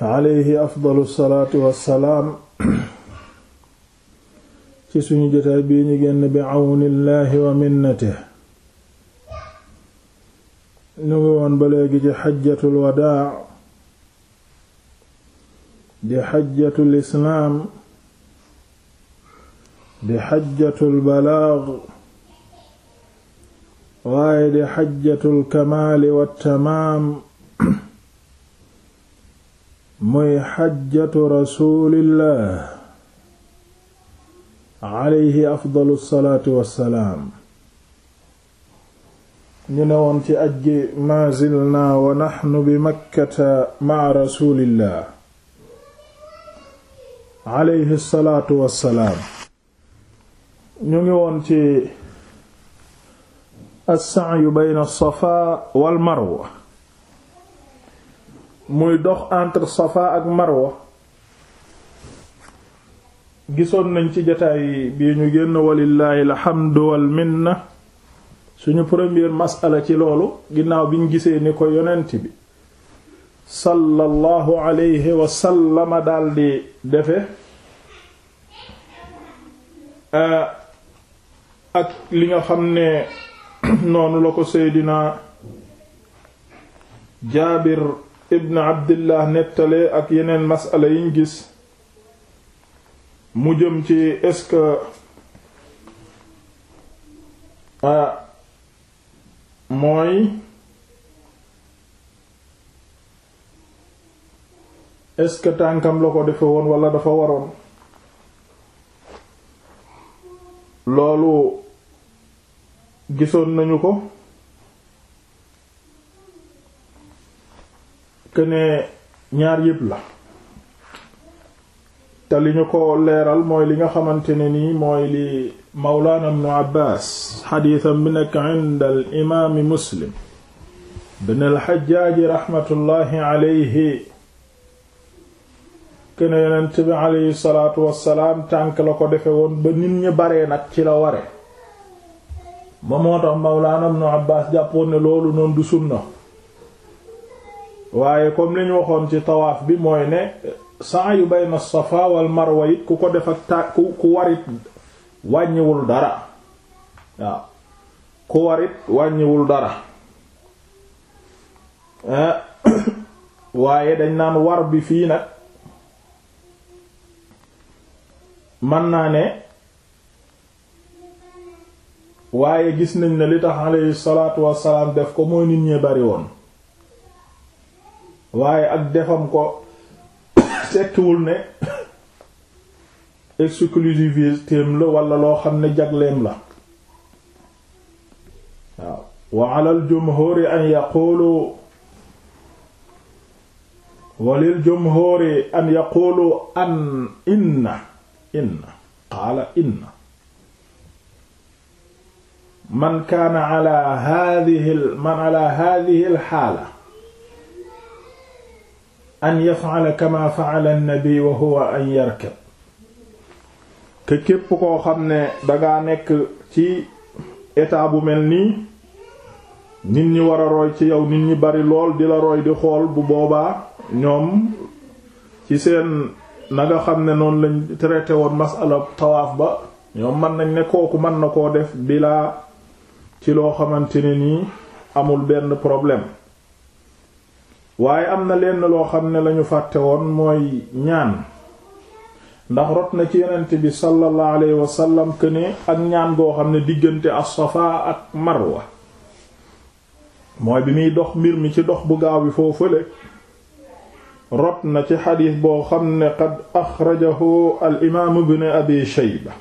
alayhi afdalu salaatu wassalaam ci suñu jotaay bii ñu génn bi àwnillaahi wa minnatihi ñu ngi woon ba léegi ci xajjatul wadaa di xajjatul islaam di xajjatul balaag waaye di xajjatul kamaali wa tamaam muy xajjatu rasulillah alayhi afdalu salaatu wassalaam ñu ne woon ci aj gi maa zilnaa wa naxnu bi makkata ma'a rasulillah alayhi salaatu wassalaam ñu ngi woon ci as-sa'yu bayna as-safaa wal marwa muy dox entre Safa ak Marwa gisoon nañ ci jataay bii ñu génn walillahi alhamdu wal minna suñu première masala ci loolu ginnaaw biñ gisee ni ko yonent bi sallallahu alayhi wa sallama daldi defe ak li nga xam ne noonu la ko seydina Jaabir ibn abdillah nettalee ak yeneen masala yiñ gis mu jëm ci est-ce ah, mooy est-ce que tànkam la ko defe woon walla dafa waroon loolu gisoon nañu ko que ñaar yépp la te li ñu ko leeral mooy li nga xamante ne nii mooy li mawlaana ibnu abbaas xadiisam bi nekk inda al imaami muslim bin al xajjaaji tànk la ko defe woon ba nit ñi baree nag ci la ware ba moo tax mawlaana ibnu abbaas jàppoon ne loolu noonu du sunna waaye comme li waxoon ci tawaaf bi mooy ne sa'yu bay safa wal marwa it ku ko def ak ta ku ku warit wàññiwul dara eh, waaye dañ naan war bi fii nag mën naa ne waaye gis nañ ne li tax alayhi salaatu wassalaam def ko mooy nit ñee bari woon waaye ak defam ko tekkiwul ne exclusivitéem la wala loo xam ne jagleem la waaw wa ala al an yaqulu an inna inna qaala inna man kaana ala hadhihi man ala hadhihi haala an yaf'ala kama fa'ala an ne bii huwa wa yarkab te képp koo xam ne dangaa nekk ci état bu mel nii nit ñi war a roy ci yow nit ñi bari lool di la roy di xool bu boobaa ñoom ci seen na nga xam ne noonu lañ traité woon masala tawaaf ba ñoom mën nañ ne kooku mën na koo def bilaa ci loo xamante ne nii amul benn problème waaye am na lenn loo xam ne lañu fàtte woon mooy ñaan ndax rot na ci yonent bi sallallahu alayhi wasallam que ak ñaan boo xam ne diggante as-Safa ak Marwa mooy bi muy dox mbir mi ci dox bu gaaw bi foofule rot na ci xadiis boo xam ne qad axrajahu al imaam ibn abi shayba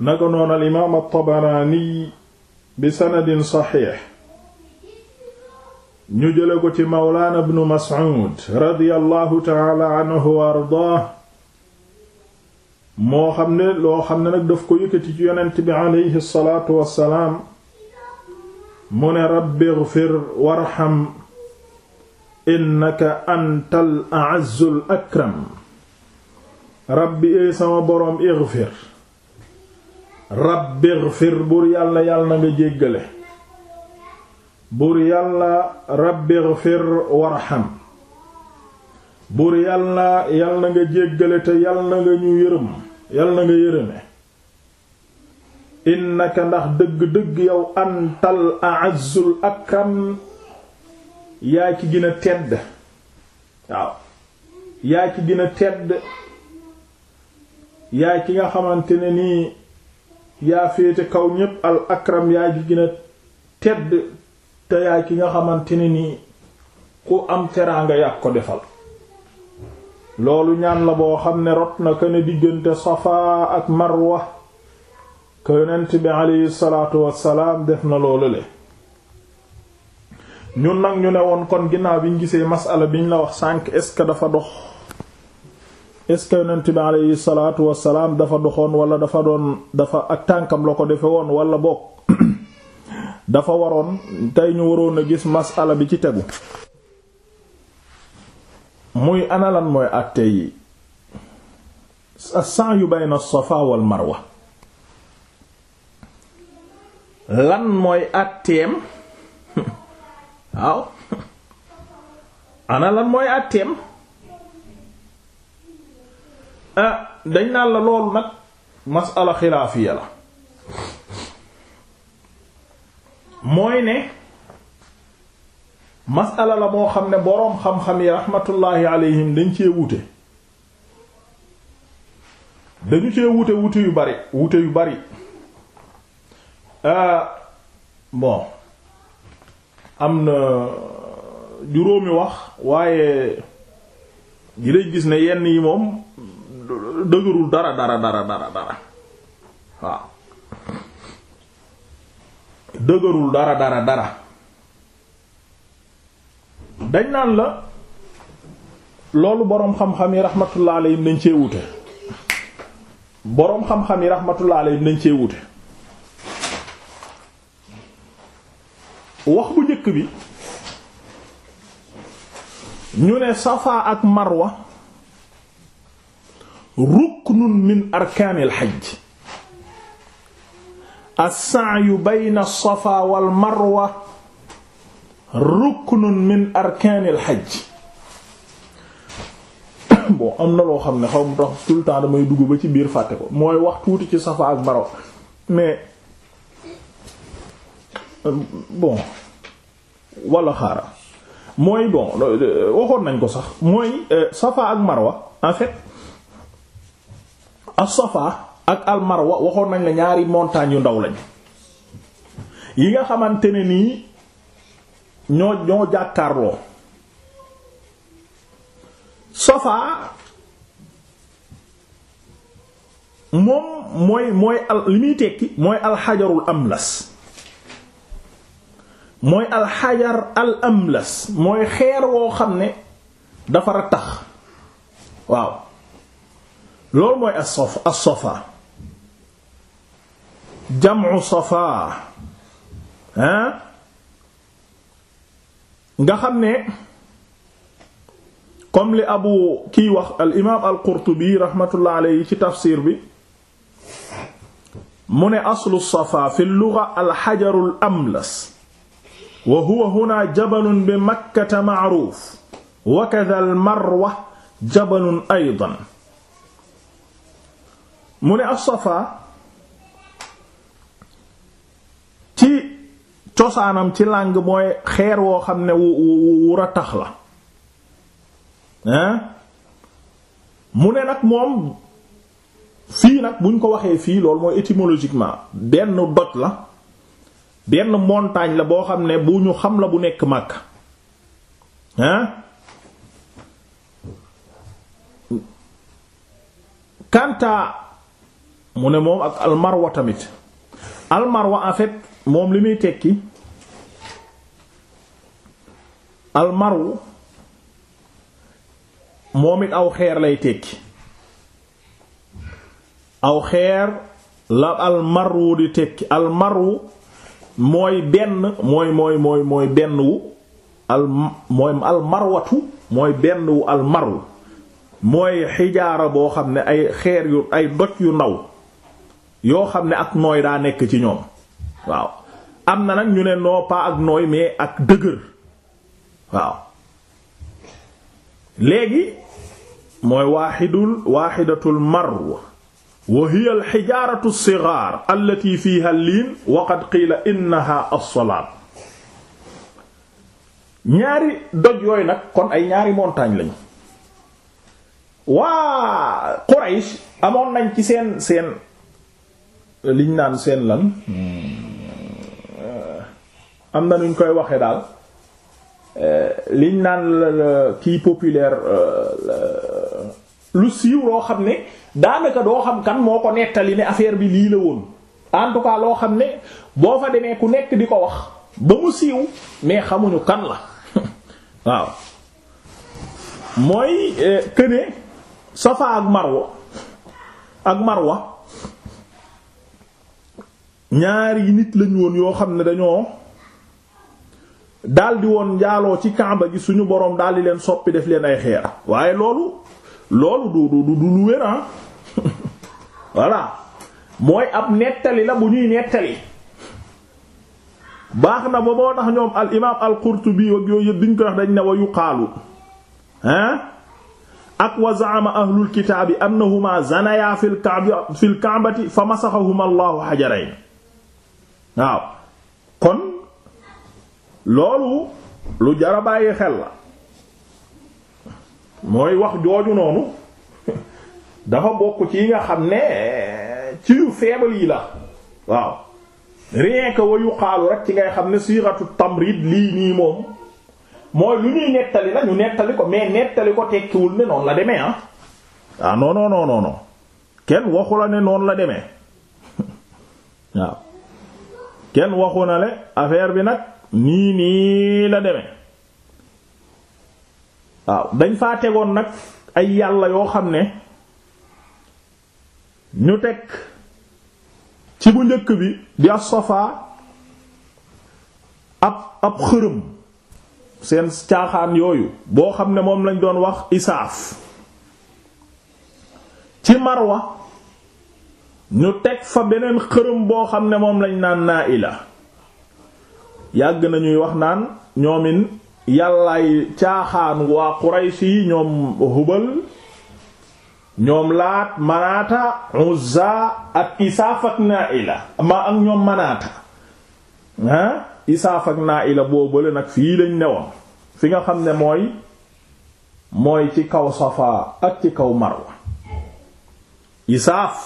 naka al imaam at-Tabarani bi sanadin saxiix ñu jële ko ci mawlaana bnu mas'ud radiyallahu taala anhu wa ardaah moo xam ne loo xam ne nag daf ko yëkkati ci yonent bi aleyhi salaatu wassalaam mu ne rabbi ighfir warham innaka antal a'azzul akram rabbi eey sama boroom ighfir rabbi ighfir buur yàlla yàlla na nga jéggale buur yàlla rabbi ghfir warham buur yàlla yàlla na nga jéggale te yàlla na nga ñu yërëm yàlla na nga yërëme innaka ndax dëgg-dëgg yow antal a'azzul akram yaa ci gën a tedd waaw yaa ci gën tedd yaa ci nga xamante ne nii yaa féete kaw ñépp al akram yaa ci gën tedd te yaay ki nga xamante ne nii ku am teraanga yàq ko defal loolu ñaan la boo xam ne rot na ne diggante Safa ak Marwa ko yonent bi aleyhi salaatu wassalaam def na loolu le ñun nag ñu ne woon kon ginnaaw biñ gisee masala biñ la wax sànk est-ce que dafa dox est-ce que yonent bi aleyhi salaatu wassalaam dafa doxoon wala dafa doon dafa ak tànkam la ko defe woon walla bokk dafa waroon tey ñu waroon a gis masala bi ci tegu muy analan mooy àtte yi yu sayu bayna as-safa wal marwa lan mooy àtteem waaw ana lan mooy àtteem ah, dañ naan la loolu nag masala xilaafiya la mooy ne masala la moo xam ne boroom xam-xam yi raxmatullaahi alayhim dañ cee wute dañu cee wute wute yu bari wute yu bari euh, bon am na juróomi wax waaye dinañ gis ne yenn yi moom dëgërul dara dara dara dara dara waaw dëgërul dara dara dara dañ naan la loolu boroom xam-xam yi rahmatullah alayhim nañ cee wute boroom xam-xam yi rahmatullah alayhim nañ cee wax bu njëkk bi ñu ne safa ak marwa ruknun min arkaanil hajj as yu bayna as-safa wal marwa ruknun min arkaanil hajj bon am na loo xam ne xaw mu tax tout le temps damay dugg ba ci biir fàtte ko mooy wax tuuti ci safa ak marwa mais euh, bon wala waxoon nañ ko sax mooy euh, safa ak marwa en fait as ak almarwa waxoon nañ la ñaari montagnes yu ndaw lañ yi nga xamante ne nii ñoo ñoo jàkkaarloo Safa moom mooy mooy al li muy tekki mooy alxajarul amlas mooy alxajar al amlas mooy xeer woo xam ne dafa tax waaw loolu mooy as-Safa as-Safa jam'u safaa hein nga xam ne comme li abu kiy wax al imaam al qurtubi raxmatullah alayhi ci tafsir bi mu ne aslu safaa fi lugha al xajaru al amlas wa huwa huna jabalun bi makkata ma'ruf wa kadha al marwa jabalun aydan mu ne as safaa cosaanam ci làng mooy xeer woo xam ne wu wu rattax la mu ne nag moom fii nag buñ ko waxee fii loolu mooy étymologiquement benn doj la benn montagne la boo xam ne bu ñu xam la bu nekk Makka hein mu ne moom ak almarwa tamit almarwa en fait moom li muy tekki almaru moom it aw xeer lay tekki aw xeer la almaru di tekki almaru mooy benn mooy mooy mooy benn wu al mooy almarwatu mooy benn wu almaru mooy xijaara boo xam ne ay xeer yu ay doj yu ndaw yoo xam ne ak nooy daa nekk ci ñoom waaw am na nag ñu ne non pas ak nooy mais ak dëgër waaw léegi mooy waaxidul waaxidatul marwa wa hiya alxijaaratu alsigaar allati fiha liin wa qad qiila innaha alsalaab ñaari doj yooyu nag kon ay ñaari montagne lañ waa Quraysh amoon nañ ci seen seen liñ naan seen lan hmm. am na nuñ koy waxe daal Euh, liñ naan kii populaire euh, lu siiw loo xam ne daanaka doo xam kan moo ko nettali ne affaire bi lii la woon en loo xam ne boo fa demee ku nekk di ko wax ba mu siiw mais xamuñu kan la waaw mooy këne euh, Safa ak Marwa ak Marwa ñaari nit lañ woon yoo xam ne dañoo daldi woon njaaloo ci kamba gi suñu boroom daldi leen soppi def leen ay xeer waaye loolu loolu du du du lu wér ah voilà mooy ab nettali la bu ñuy nettali baax na ba moo tax ñoom al imaam al qurtubi yooyu yëpp ko wax dañ ne wa yuqaalu ah ak wa zaama ahlul kitaabi annahuma zanaya fil ka'bati fil ka'bati fa masaxahuma allahu xajarayn waaw loolu lu jara bàyyi xel la mooy wax jooju noonu dafa bokk ci yi nga xam ne ci yu faible yi la waaw rien que wayu xaalu rek ci ngay xam ne siiratu tamrid lii nii moom mooy lu ñuy nettali la ñu nettali ko mais nettali ko tekkiwul ne noonu la demee ah ah non kenn waxu la ne noonu la demee waaw kenn waxu na le affaire bi nag nii nii la deme waaw dañ faa tegoon nag ay yàlla yoo xam ne ñu teg ci bu njëkk bi di as-Safa ab ab xërëm seen caaxaan yooyu boo xam ne moom lañ doon wax isaaf ci Marwa ñu teg fa beneen xërëm boo xam ne moom lañ naan Naa'ila yàgg nañuy wax naan ñoomin yàllaay caaxaan waa Quraysh yi ñoom Hubal ñoom Laat Manaata Uzza ak Isaaf ak Naa'ila ma ak ñoom Manaata Isaaf ak Naa'ila boobale nag fii lañ newoon fi nga xam ne mooy mooy ci kaw Safa ak ci kaw Marwa Isaaf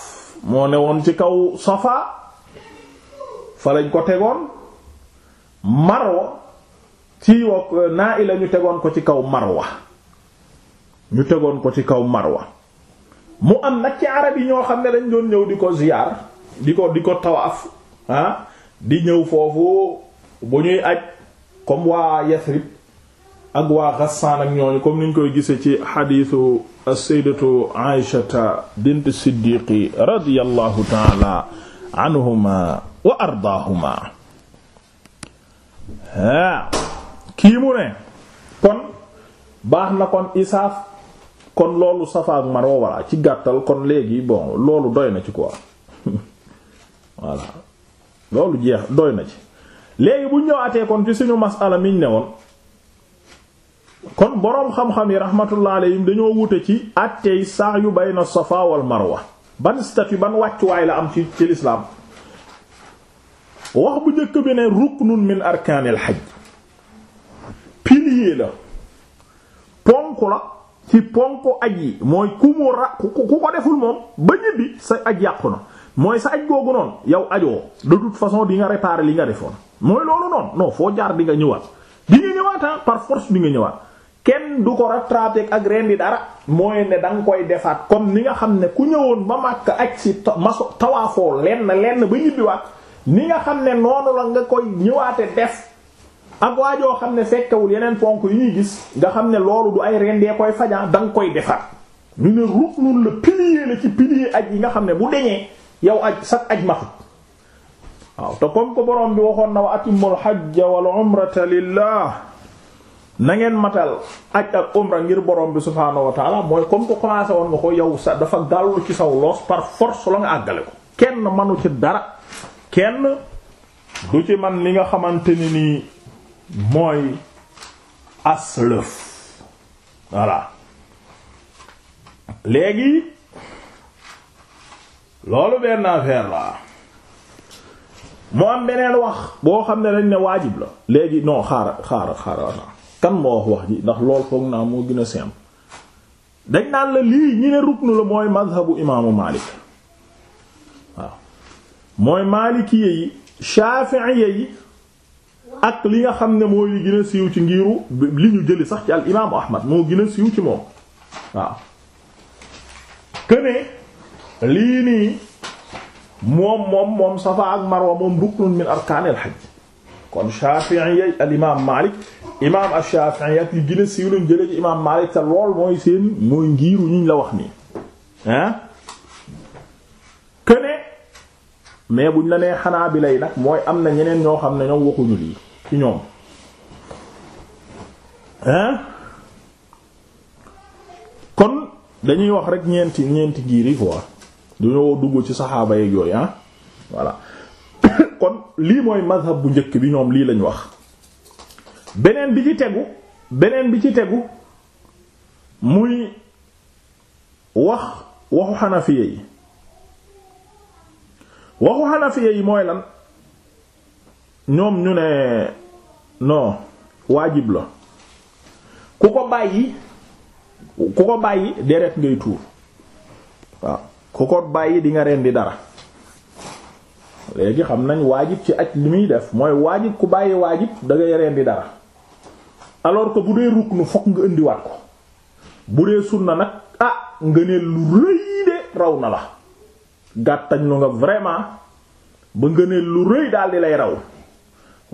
moo newoon ci kaw Safa fa lañ ko tegoon marwa ci wok naa ila ñu tegoon ko ci kaw marwa ñu tegoon ko ci kaw marwa mu am nag ci arab yi ñoo xam ne dañ doon ñëw di ko ziyaar di ko di ko tawaaf ah di ñëw foofu bu ñuy aj comme waa Yasrib ak waa Ghassan ak ñooñu comme niñ koy gisee ci xadiisu as-sayyidatu Aïshata bint Siddiqi radiyallahu taala anhuma wa ardaahuma Ah. kii mu ne kon baax na kon isaaf kon loolu Safa ak Marwa walla ci gàttal kon léegi bon loolu doy na ci ko voilà loolu jeex doy na ci léegi bu ñëwaatee kon ci suñu masala miñ ne woon kon boroom xam-xam yi rahmatullah alayhim dañoo wute ci àtteey sa'yu bayna Safa wal Marwa ban statut ban wàccuwaay la am ci ci wax bu njëkk bi ne ruknun min arkaanil xaj pilier la ponk la ci ponk aj yi mooy ku mu ra ku ko deful moom ba ñibbi sa aj yàqu na mooy sa aj googu noonu yow ajoo de toute façon di nga réparer li nga defoon mooy loolu noonu non foo jaar di nga ñëwaat di nga ñëwaat ah, par force di nga ñëwaat kenn du ko rattraper ak ren dara mooy ne da koy defaat comme ni nga xam ne ku ñëwoon ba màkk aj si maso tawaafoo lenn lenn ba ñibbiwaat ni nga xam ne noonu la nga koy ñëwaate def ak waajoo xam ne fekkewul yeneen ponk yu ñuy gis nga xam ne loolu du ay rendee koy faja da nga koy defar ñu ne ruknul la pilier la ci pilier aj yi nga xam ne bu deñee yow aj sax aj maxut waaw te comme ko borom bi waxoon na wa atimul hajja wal umrata lillah na ngeen matal aj ak umra ngir borom bi subhaanahu wa taala mooy comme ko commencé woon nga ko yow sa dafa gàllu ci saw loos par force la nga àggale kenn manu ci dara kenn du ci man li nga xamante ni nii mooy aslëf voilà léegi loolu benn affaire la moo am beneen wax boo xam ne dañ ne waajib la léegi non xaaral xaaral xaaral naa kan moo wax wax ji ndax lool foog naa moo gën a simple dañ naan la lii ñi ne ruknu la mooy mazhabu imaamu Maalik mooy maalikiye yi shafi'iye ak li nga xam ne mooy li gën a siiw ci li ñu jëli sax ci al imaamu ahmad moo gën a siiw ci moom waaw këne lii nii moom moom moom safa ak marwa moom ruknun min arkaanil hajj kon shafi'iyya al imaam Maalik imaam ash-Shafi'i ak li gën a siiw luñ jëlee ci imaam Maalik te mooy seen mooy ngiiru ñu la wax nii ah mais buñ la nee xanaa bi lay nag mooy am na ñeneen ñoo xam ne ñoom waxuñu lii ci ñoom hein kon dañuy wax rek ñeenti ñeenti giir yi quoi dañoo dugg ci saxaaba yeeg yooyu ah voilà kon lii mooy mazhab bu njëkk bi ñoom lii lañ wax beneen bi ci tegu beneen bi ci tegu muy wax waxu xanafiye yi waxu xanafiya yi mooy lan ñoom ñu ne non waajib la ku ko bàyyi ku ko bàyyi deret ngay tuur waaw ku ko bàyyi di nga rendi dara léegi xam nañ waajib ci aj li muy def mooy waajib ku bàyyi waajib da ngay rendi dara alors que bu dee ruknu fokk nga indiwaat ko bu dee sunna nag ah nga ne lu rëy de raw na la gàttañ lu nga vraiment ba nga ne lu rëy daal di lay raw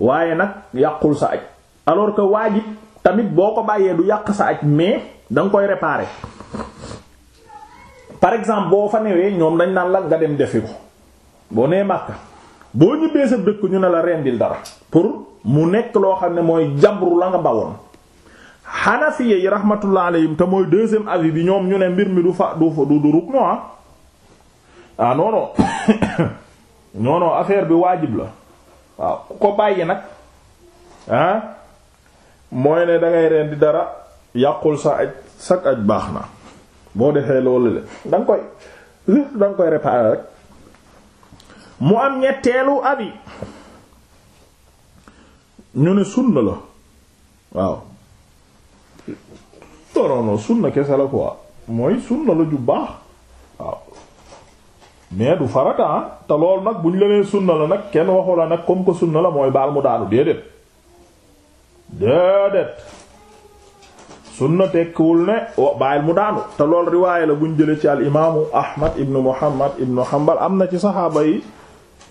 waaye nag yàqul sa aj alors que waa ji tamit boo ko bàyyee du yàq sa aj mais danga koy réparer par exemple boo fa newee ñoom dañ daan la nga dem defi ko boo nee Makka boo ñibbee sa dëkk ñu ne la rendil dara pour mu nekk loo xam ne mooy jabru la nga bawoon Hanafiya yi rahmatullah alayhim te mooy deuxième avis bi ñoom ñu ne mbir mi du fa du du ruknu ah non non non bi waajib la waaw ku ko bàyyi nag ah mooy ne dangay reen di dara yàqul sa aj sak aj baax na boo defee loolu le danga koy lépp danga koy réparer rek mu am ñetteelu abi ñu ne sunna la waaw non non sunna kese la quoi mooy sunna la ju baax mais du farata ah. te lool nag bu ñu la nee sunna la nag kenn waxu la nag comme que sunna la mooy baal mu daanu déedéet déedéet sunna tekkiwul ne baal mu daanu te loolu riwaaya la bu ñu jëlee ci al imaamu Ahmad ibnu Muhammad ibnu Hanbal am na ci saxaaba yi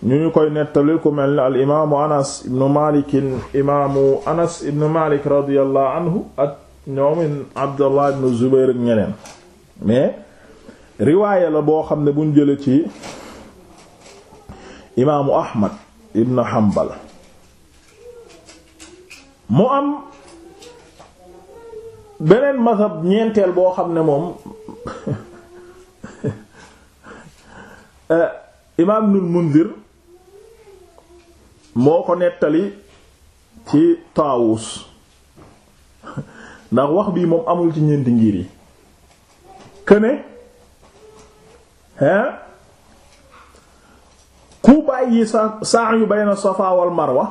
ñu ngi koy nettali ku mel ne al imaamu Anas ibnu Malik imaamu Anas anhu ak ñoomin Abdullah ibnu Zubayr ak ñeneen mais. riwaaya la boo xam ne buñ jële ci imaamu ahmad ibn hanbal mu am beneen mazhab ñeenteel boo xam ne moom euh, imaam ibnul mundir moo ko nettali ci taawus ndax wax bii moom amul ci ñeenti ngir yi këne ku bàyyi sa saa yu bayna safa wal wa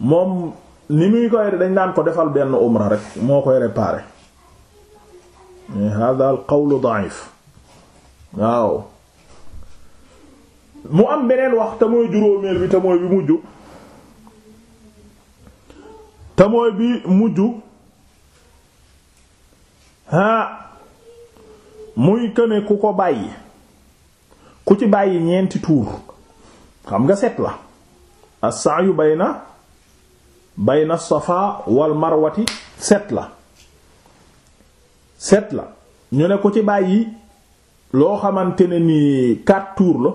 moom ni muy koy dañ daan ko defal benn umra rek moo koy réparer hada al qawl da'if waaw mu am beneen wax te mooy juróomeel bi te mooy bi mujj te bi mujj ha muy këne ku ko bàyyi ku ci bàyyi ñeenti tuur xam nga set la yu as na bay na safa wal marwati set la set la ñu ne ku ci bàyyi loo xamante ne nii quatre tours la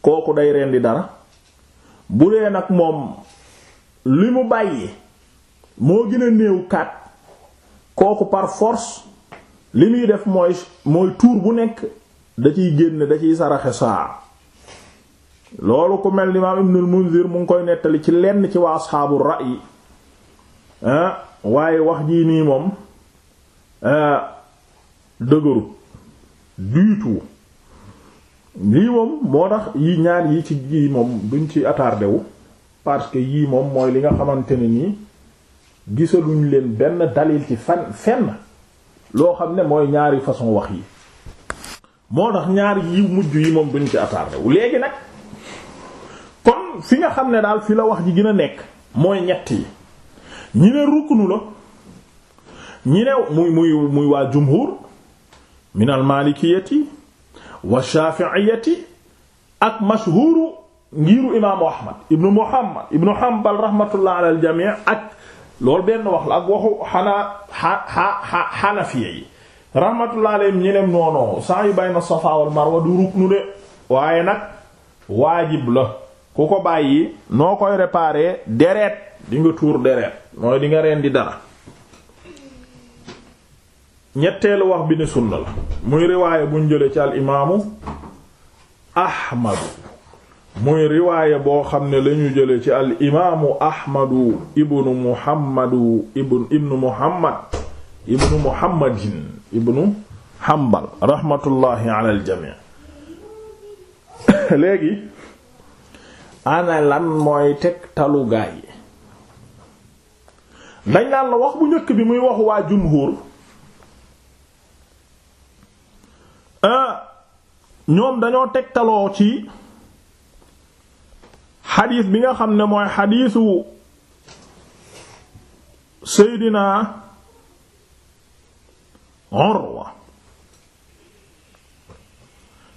kooku day di dara bu dee nag moom li mu bàyyi moo gën a néew quatre kooku par li muy def mooy mooy tuur bu nekk da ciy génn da ciy saraxe saa loolu ku mel ni imaam ibnul munzir mu ngi koy nettali ci lenn ci waa asxaabu ra'yi ah, waaye wax jii nii moom ah, dëgëru du tout lii moom moo tax yi ñaan yi ci yii moom duñ ci attardé wu parce que yii moom mooy li nga xamante ne nii gisaluñ leen benn dalil ci fan fenn loo xam ne mooy ñaari façon wax yi moo tax ñaari yi mujj yi moom duñ ci attardé wu léegi nag kon fi nga xam ne daal fi la wax ji gën a nekk mooy ñett yi ñi ne ruknu la ñi ne muy muy waa jumhur min al malikiyati wa shafi'iyati ak mashhuru ngiru imaamu ahmad ibnu muhammad ibnu hanbal rahmatullah ala al ak loolu benn wax la ak waxu xanaa xaa xanafiya yi rahmatullah alayhim ñi ne noonoo saa yu bayna safa wal marwa du ruknu de waaye nag waajib la ku ko bàyyi noo koy réparer deret di nga tuur deret mooy di reen di dara ñetteelu wax bi ni sunna la muy riwaaya buñ jële ci al ahmadu muy riwaaya boo xam ne lañu jële ci al imaamu ahmadu ibnu muhammadu ibnu ibnu muhammad ibnu muhammadin ibnu hambal rahmatullahi ala al jamii léegi ana lan mooy teg gaa yi dañ naan la wax bu njëkk bi muy wax waa jumhur ah, ñoom dañoo teg taloo ci xadiis bi nga xam ne mooy xadiisu Seydina Urwa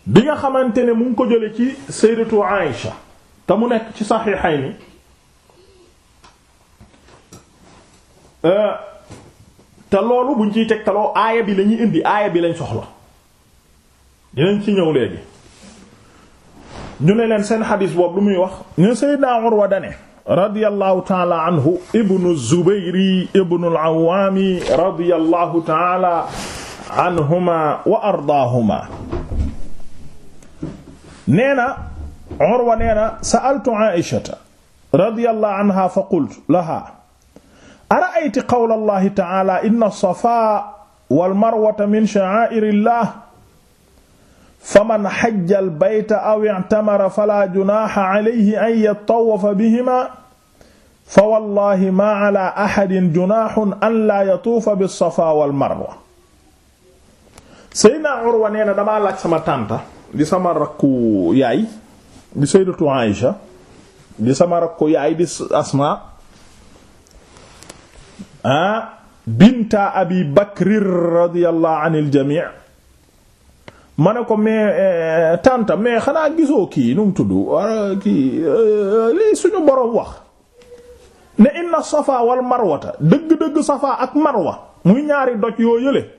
bi nga xamante ne mu ngi ko jële ci Sayyidatu Aïsha te mu nekk ci Saxiixayni eh, te loolu buñ ciy teg aaya bi lañuy indi aaya bi lañ soxla dinañ ci ñëw léegi ñu ne leen seen xadis boobu lu muy wax ñu Seydina Urwa dane radiyallahu taala anhu ibnu zubayri ibnu al-awaami radiyallahu taala anhuma wa ardaahuma nee na Urwa nee na sa'altu Aishata radiyallahu anha fa qultu laha ara'ayti qawla allahi taala inna as-safaa wal marwata min sha'aa'iri llah faman hajja al bayta aw i'tamara fala junaha alayhi an yattawafa bihima fa wallahi ma ala ahadin junahun an la yatuufa bis-safa wal marwa Seydina Urwa nee na damaa laaj sama tànta di sama rakku yaay di Sayyidatu Aïsha di sama rakku yaay di Asma ah binta Abi Bakr radiyallahu anil jami' ma ne ko mais euh, tanta mais xanaa gisoo kii nu mu tudd wala kii euh, lii suñu boroom wax ne inna safa wal marwata dëgg-dëgg safa ak marwa muy ñaari doj yoo yële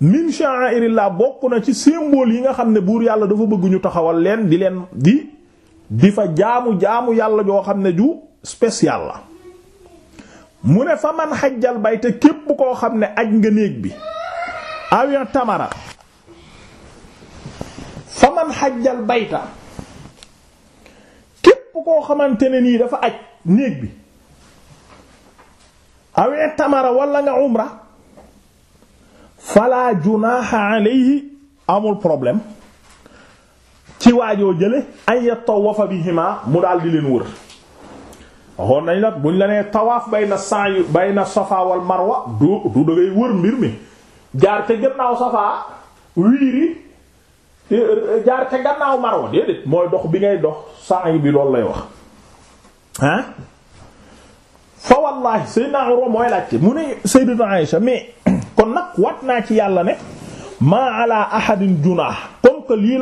min sha'airillah bokk na ci symbole yi nga xam ne buur yàlla dafa bëgg ñu taxawal leen di leen di di fa jaamu jaamu yàlla joo xam ne ju spécial la mu ne fa man xajjal bayte képp koo xam ne aj nga néeg bi awion tamara fa man xajjal bayta képp koo xamante ne nii dafa aj néeg bi awee tamara wala nga umra fala junaaha alayhi amul problème ci waajoo jële an yatawafa bihima mu daal di leen wër waxoon nañ la buñ la nee tawaaf bayna sa'i bayna safa wal marwa du du dangay wër mbir mi jaar te gannaaw safa wiiri jaar te gannaaw Marwa déedéet mooy dox bi ngay dox sa'i bi loolu lay wax ah fa wallahi Seydina Urwa mooy laajte mu ne Sayyidatu Aïsha mais kon nag wat naa ci yàlla ne maa ala ahadin junah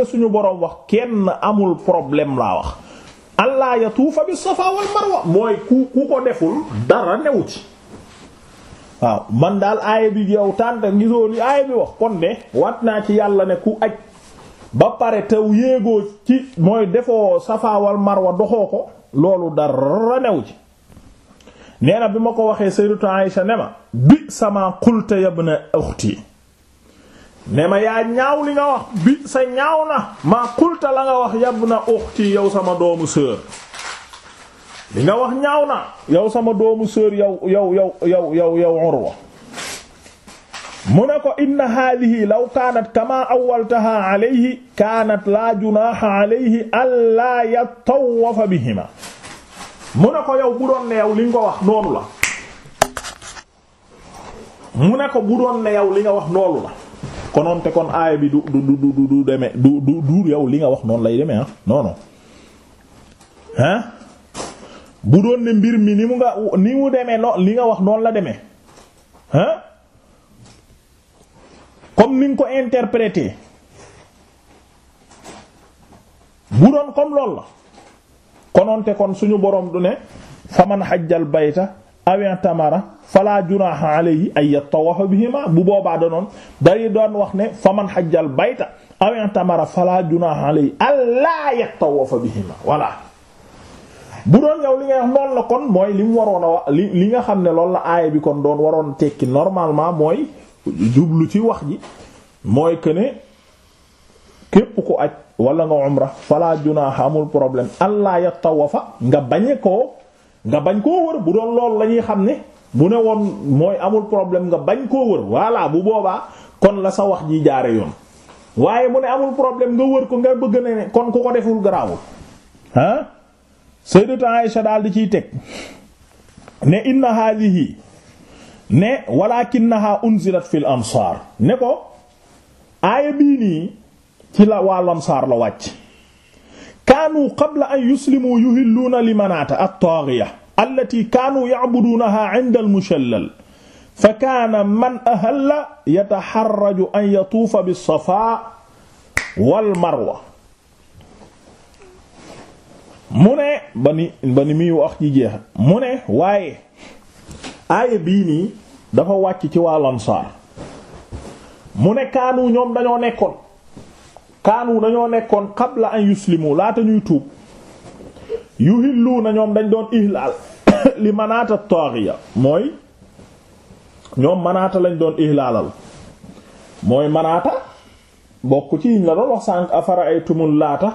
suñu boroom wax kenn amul problème laa wax allah yatuufa bi safa wal marwa mooy ku ku ko deful dara newu ci waaw man daal aaya bi yow tànta ngisoo li aaya bi wax kon de wat naa ci yàlla ne ku aj ba pare taw yéegoo ci mooy defoo safaawal marwa doxoo ko loolu dara new ci nee na bi ma ko waxee sayyidatu Aïsha ne ma bi sama qulta yabna ukhti ne ma yaa ñaaw li nga wax bi sa ñaaw na maa qulta la nga wax yabna ukhti yow sama doomu sœur li nga wax ñaaw na yow sama doomu sœur yow yow yow yow yow yow Urwa mu ne ko inna haadihi law kaanat kama awwaltaha alayhi kaanat laa junaaha alayhi allaa yatawafa bihima mu ne ko yow bu doon ne yow li nga ko wax noonu la mu ne ko bu doon ne yow li nga wax noonu la konoon te bi du du deme du yow li nga wax noonu lay demee ah bu doon ne mbir mi ni mu nga ni mu demee li nga wax noonu la demee ah comme ni ko interprété bu doon comme lool la konoonte kon suñu boroom du ne faman xajjal bayta awin tamara fala junaha alayhi ay yatawafa bihima bu boobaa danoon day doon wax ne faman xajjal bayta awin tamara fala junaha alayhi alla yatawafa bihima voilà bu doon yow li nga la kon mooy li mu waroon li nga xam ne loolu la aaya bi kon doon waroon tekki normalement mooy jublu ci wax ji mooy que ne képp ku aj wala nga umra fala junaaha amul problème allah ya fa nga bañe koo nga bañ koo wër bu doon lool la ñuy xam ne bu ne woon mooy amul problème nga bañ koo wër voilà bu boobaa kon la sa wax ji jaare yoon waaye mu ne amul problème nga wër ko nga bëgg ne kon ku ko deful garaawul ah Sayyidatu Aisha daal di ciy teg ne inna hadhihi ne walakinaha unzilat fil ansaar ne ko aaya bii nii ci la waa lansaar la wàcc kaanu qabla an yuslimu yuhilluuna limanaata at-taaxiya allati kaanu ya'buduunaha 'inda al-mushallal fa kaana man ahalla yataharraju an yatuufa bis-safaa wal marwa mu ne ba ni ba ni muy wax ji jeex mu ne waaye aaya bii nii dafa wàcc ci waa lansaar mu ne kaanu ñoom dañoo nekkoon kaanu dañoo nekkoon qabla an yuslimu laata ñuy tuub yuhilluuna ñoom dañ doon ihlaal li manaata taaxiya mooy ñoom manaata lañ doon ihlaalal mooy manaata bokk ci yiñ la doon wax sànq afara ay tumul laata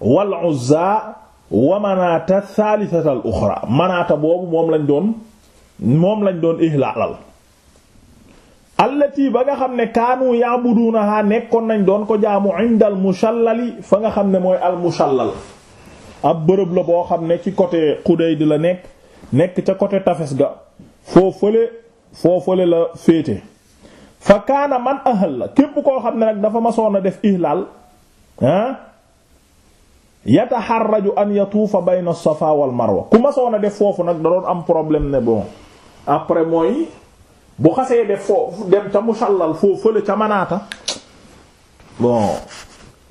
wal uzza wa manaata thaalithatal uxra manaata boobu moom lañ doon moom lañ doon ihlaalal allati ba nga xam ne kaanu ya'budunaha nekkoon nañ doon ko jaamu inda al mushallali fa nga xam ne mooy al mushallal ab bërëb la boo xam ne ci côté di la nekk nekk ca côté tafes ga foo foo foofale la féete fa kaana man ahal la képp koo xam ne nag dafa masoon a def ihlaal ah yataxarraju an yatuufa bayna safa wal marwa ku masoon a def foofu nag da doon am problème ne boo après mooy bu xasee def foofu dem ca musallal foo fële ca manaata bon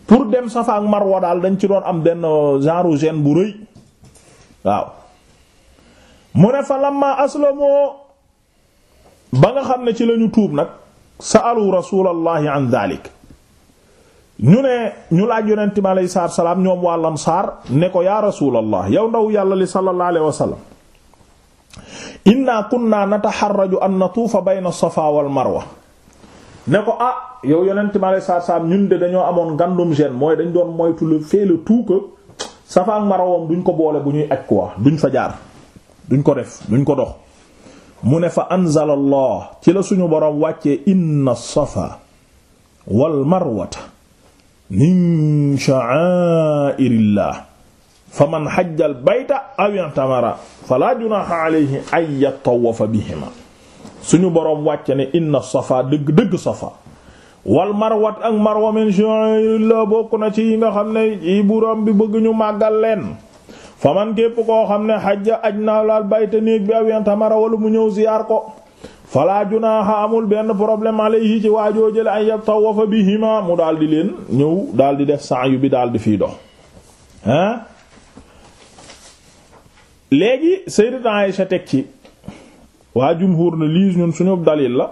pour dem safa ak marwa daal dañ ci doon am benn genre gêne bu rëy waaw mu ne fa lamma aslamoo ba nga xam ne ci lañu tuub nag sa'alu rasulallahi an dalik ñu ne ñu laaj yonent mi alayhi salaam ñoom waa lamsaar ne ko yaa rasulallah yow ndaw yàlla li sallallahu alayhi wasallam inna kunna nataxarraju an natuufa bayna safa wal marwa ne ko ah yow yonent mi saa salaatu ñun de dañoo amoon ngandum gene mooy dañ doon moytu le fait le tout que safa ak marwa duñ ko boole bu ñuy aj quoi duñ fa jaar duñ ko def duñ ko dox mu ne fa anzala allah ci la suñu boroom wàccee inna safa wal marwata min sha'a'irillah fa man xajjal bayta aw i'tamara fala junaha alayhi ay yatawafa bihima suñu boroom wàcc ne inna safa dëgg dëgg safa wal marwat ak marwa min sha'irillah bokk na ci yi nga xam ne yi boroom bi bëgg ñu màggal leen fa man képp koo xam ne xajja aj na laal bayta néeg bi aw i'tamara wala mu ñëw ziyaar ko fala junaha amul benn problème alayhi ci waajoo jële ay yatawafa bihima mu daal di leen ñëw daal di def sa'yu bi daal di fiy dox léegi Sayyidatu Aïsha teg ci waa jumhur na lii ñun suñu dalil la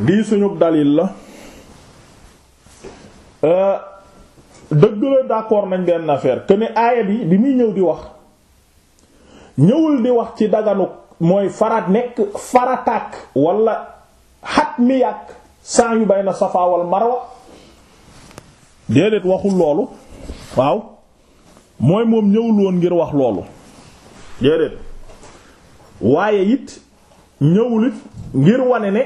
lii suñu dalil la euh, dëgg la d'accord nañ benn affaire que ne aaya bi bi muy ñëw di wax ñëwul di wax ci daganu mooy farat nekk farataak wala xat mi yàq saa yu bay na Safa Marwa déedéet waxul loolu waaw mooy moom ñëwul woon ngir wax loolu déedéet waaye it ñëwul it ngir wane ne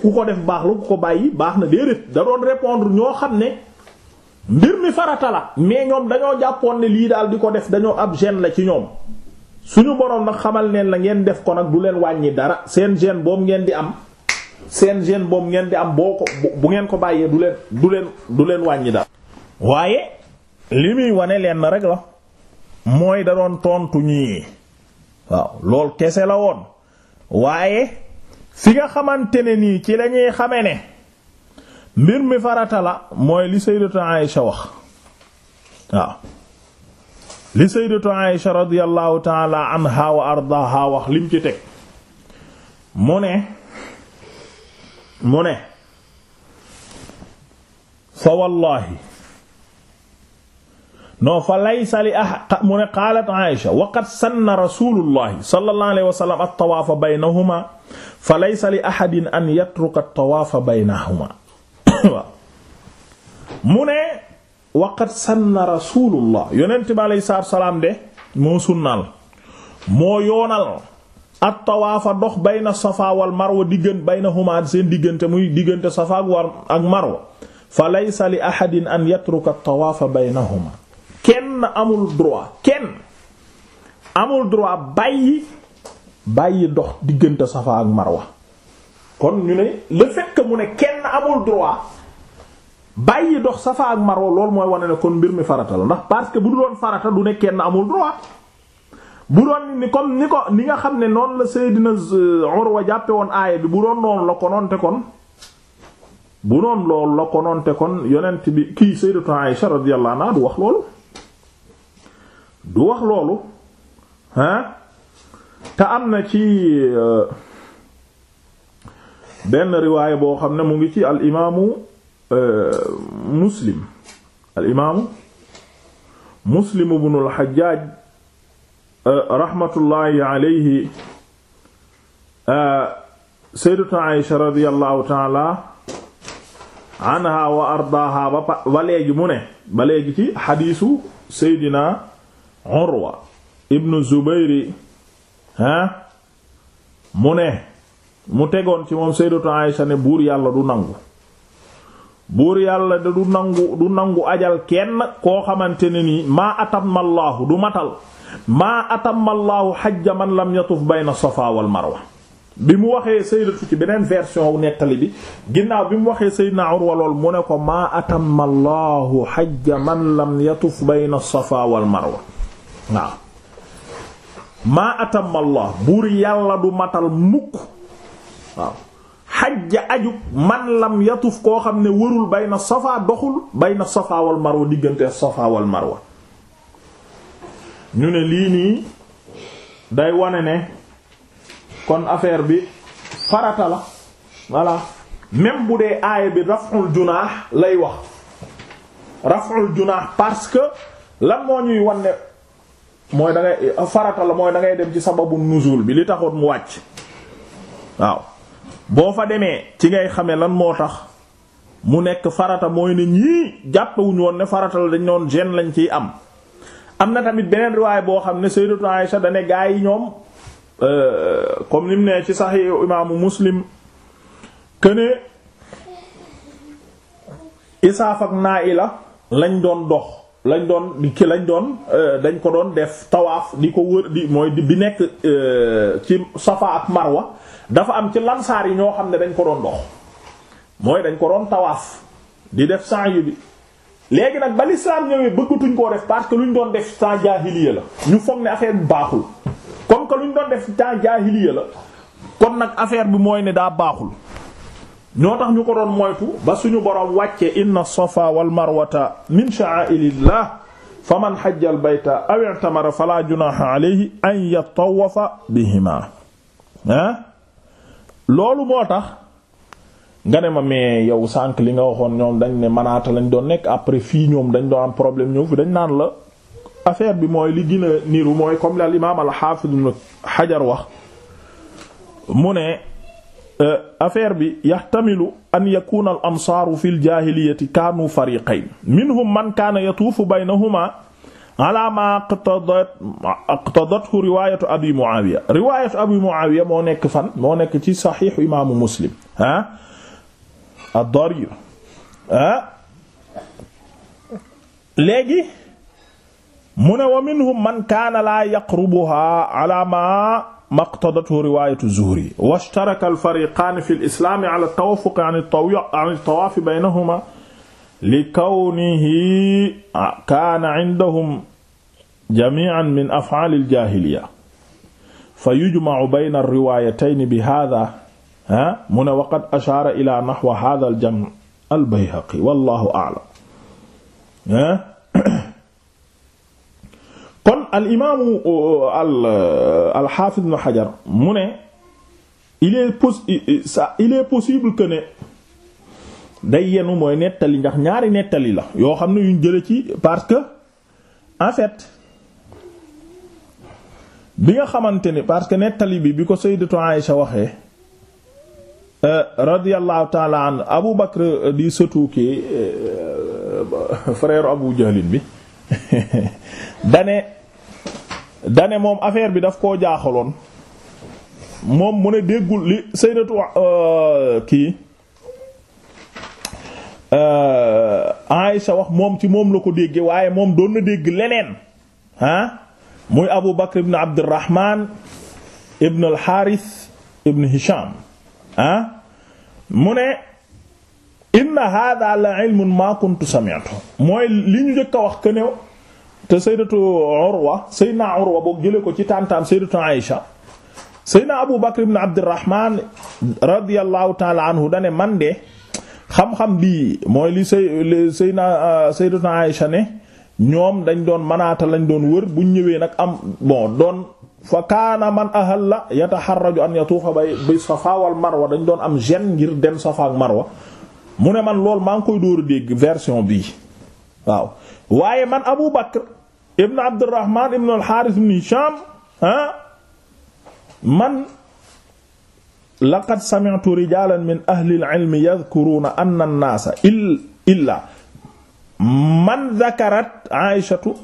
ku ko def baax la ku ko bàyyi baax na déedéet da doon répondre ñoo xam ne mbir mi farata la mais ñoom dañoo jàppoon ne lii daal di ko def dañoo ab gêne la ci ñoom suñu boroom nag xamal neen la ngeen def ko nag du leen wàññi dara seen gêne boobu ngeen di am seen gêne boobu ngeen di am boo bu ngeen ko bàyyee du leen du leen du leen wàññi dara waaye li muy wane leen na rek la mooy da doon tontu ñii waaw lool kese la woon waaye fi nga xamante ne nii ci lañuy xame ne mbir mi farata la mooy li sayyidatu Aïsha wax waaw li sayyidatu Aïsha radiyallahu ta'ala anha wa ardaha wax lim ci teg mu ne mu ne fa wallahi non fa laysa li ahad mu ne qaalat Aïsha wa qad sanna rasulullahi sallallahu alayhi wa sallam at-tawaafa baynahuma fa laysa li ahadin an yatruka at-tawaafa baynahuma waaw mu ne wa qad sanna rasulullah yonent bi alayhi salaam de moo sunnaal moo yoonal at-tawaafa dox bayna safa wal marwa diggante baynahuma seen diggante muy diggante safa ak marwa fa laysa li ahadin an yatruka at-tawaafa baynahuma kenn amul droit kenn amul droit bàyyi bàyyi dox diggante safa ak marwa kon ñu ne le fait mu ne kenn amul droit bàyyi dox safa ak marwa loolu mooy wane ne kon mbir mi farata la ndax parce que bu du doon farata du ne kenn amul droit bu doon ni comme ni ko ni nga xam ne noonu la Seydina euh, Urwa jàppe woon aaya bi bu doon noonu la konoonte kon bu doon loolu la noonte kon yonent bi kii Sayyidatu Aisha radiyallahu anha du wax loolu du wax loolu hein te am na ci euh, benn riwaay boo xam ne mu ngi ci al imaamu euh, muslim al imaamu muslim ibnu al xajjaaj euh, raxmatullaahi alayhi sayyidatuna Aysha radiyallahu taala anha wa ardaaha ba léegi mu ne ba léegi ci xadiisu seydina Urwa mu ne mu tegoon ci moom Sayyidatu Aisha ne buur yàlla du nangu buur yàlla da du nangu du nangu ajal kenn koo xamante ne nii maa atamallaahu du matal maa atamallaahu xaj man lam yatuf bayna Safa wal Marwa bi mu waxee Sayyidatu ci beneen version wu nekkali bi ginnaaw bi mu waxee Sayyidna Urwa mu ne ko maa atamallaahu xajja man lam yatuf bayna Safa wal Marwa waaw maa atam allah buur yàlla du matal mukk waaw xajja aju man lam yatuf koo xam ne wërul bayna safa doxul bayna safa wal marwa diggante safa wal marwa ñu ne lii nii day wane ne kon affaire bi farata la voilà même bu dee aaya bi raf'ul junaax lay wax raf'ul junaax parce que moo ñuy wan ne mooy da eh, farata la mooy da ngay dem ci sababu nuzul bi li taxoon mu wàcc waaw boo fa demee ci ngay xamee lan moo tax mu nekk farata mooy ne ñii jàppewuñu woon ne farata la dañ noon gene lañ ciy am am na tamit beneen riwaay boo xam ne sayyidatu Aisha da ne gaa yi ñoom euh, comme nim ne ci sax sahih imaamu Muslim këne Isaaf ak la lañ doon dox lañ doon ki lañ doon euh, dañ ko doon def tawaaf di ko wër di mooy bi nekk euh, ci safa ak marwa dafa am ci lansaar yi ñoo xam ne dañ ko doon dox mooy dañ ko doon tawaaf di def sa'y bi léegi nag ba lislaam ñëwee bëggatuñ koo def parce que lu ñu doon def temps jaahiliya la ñu foog ne affaire bi baaxul comme que lu ñu doon def temps jaahiliya la kon nag affaire bi mooy ne daa baaxul ñoo tax ñu ko doon moytu ba suñu borom wàcce inna safa wal marwata min sha'a'ilillah faman hajja al bayta aw i'tamara fala junaha alayhi an yatawafa bihima ah loolu boo tax nga ne ma mais yow sànq li nga waxoon ñoom dañ ne manaata lañ doon nekk après fii ñoom dañ doon am problème ñëw fi dañ naan la affaire bi mooy li gën niru mooy comme li al imaam al haafid ibn hajar wax mu ne Euh, affaire bi yaxtamilu an yakuna al ansaaru fi ljaahiliyati kaanu fariqayn minhum man kaana yatuufu baynahuma ala ma aqtadathu riwayatu abi muawiya riwayatu abi muawiya moo nekk fan moo nekk ci saxiixu imaamu muslim ah ad-darir ah léegi mu ne wa minhum man kaana laa yaqrubuha ala ma maqtadatu riwayatu zuhri washtaraka alfariqaani fi lislaami ala tawafuqi an tawaafi baynahuma li kawnihi kaana indahum jamii'an min af'aali aljaahiliya fa yujmacu bayna alriwaayatayn bi haada ah mu ne waqad ashaara ila naxwi haada aljamc albayhaqi wallahu aclam kon al imaamu euh, al euh, al xaafiz ibn Hajar mu ne il est pos il est possible que ne day yenu mooy nettali ndax ñaari nettali la yoo xam ne yuñ jële ci parce que en fait bi nga xamante ni parce que nettali bi bi ko sayyidatu Aïsha waxee euh, radiyallahu taala an Abu Bakr di sëtu ki frère Abu Jahlin bi dane moom affaire bi daf koo jaaxaloon moom mu ne déggul li sayyidatu euh, kii euh, Aisha wax moom ci moom la ko dégge waaye moom doon na dégg leneen muy Abu Bakr ibn Abdurrahman ibn al-Harith ibn Hisham mu ne inna hadha la ma kuntu sami'tu mooy li ñu jëkk a wax que ne te sayyidatu Urwa sayyidna Urwa boog jëlee ko ci taam-taam sayyidatu Aïsha sayyidna Abu Bakr ibn Abdurrahman radiyallahu ta'ala anhu dane man de xam-xam bii mooy li say sayyidna euh, sayyidatu Aïsha ne ñoom dañ doon manaata lañ doon wër buñ ñëwee nag am bon doon fa kaana man ahal la yataxarraju an yatuufa bay bi Safa dañ doon am gene ngir dem Safa ak Marwa mu ne man lool maa ngi koy dóor a version bii waaw waaye man Abu Bakr ibn abdurrahman ibn alxaaris ibn hisham ah man laqad sami'tu rijalan min ahli al-ilmi yadhkuruna anna an-naasa illa man dhakarat aishatu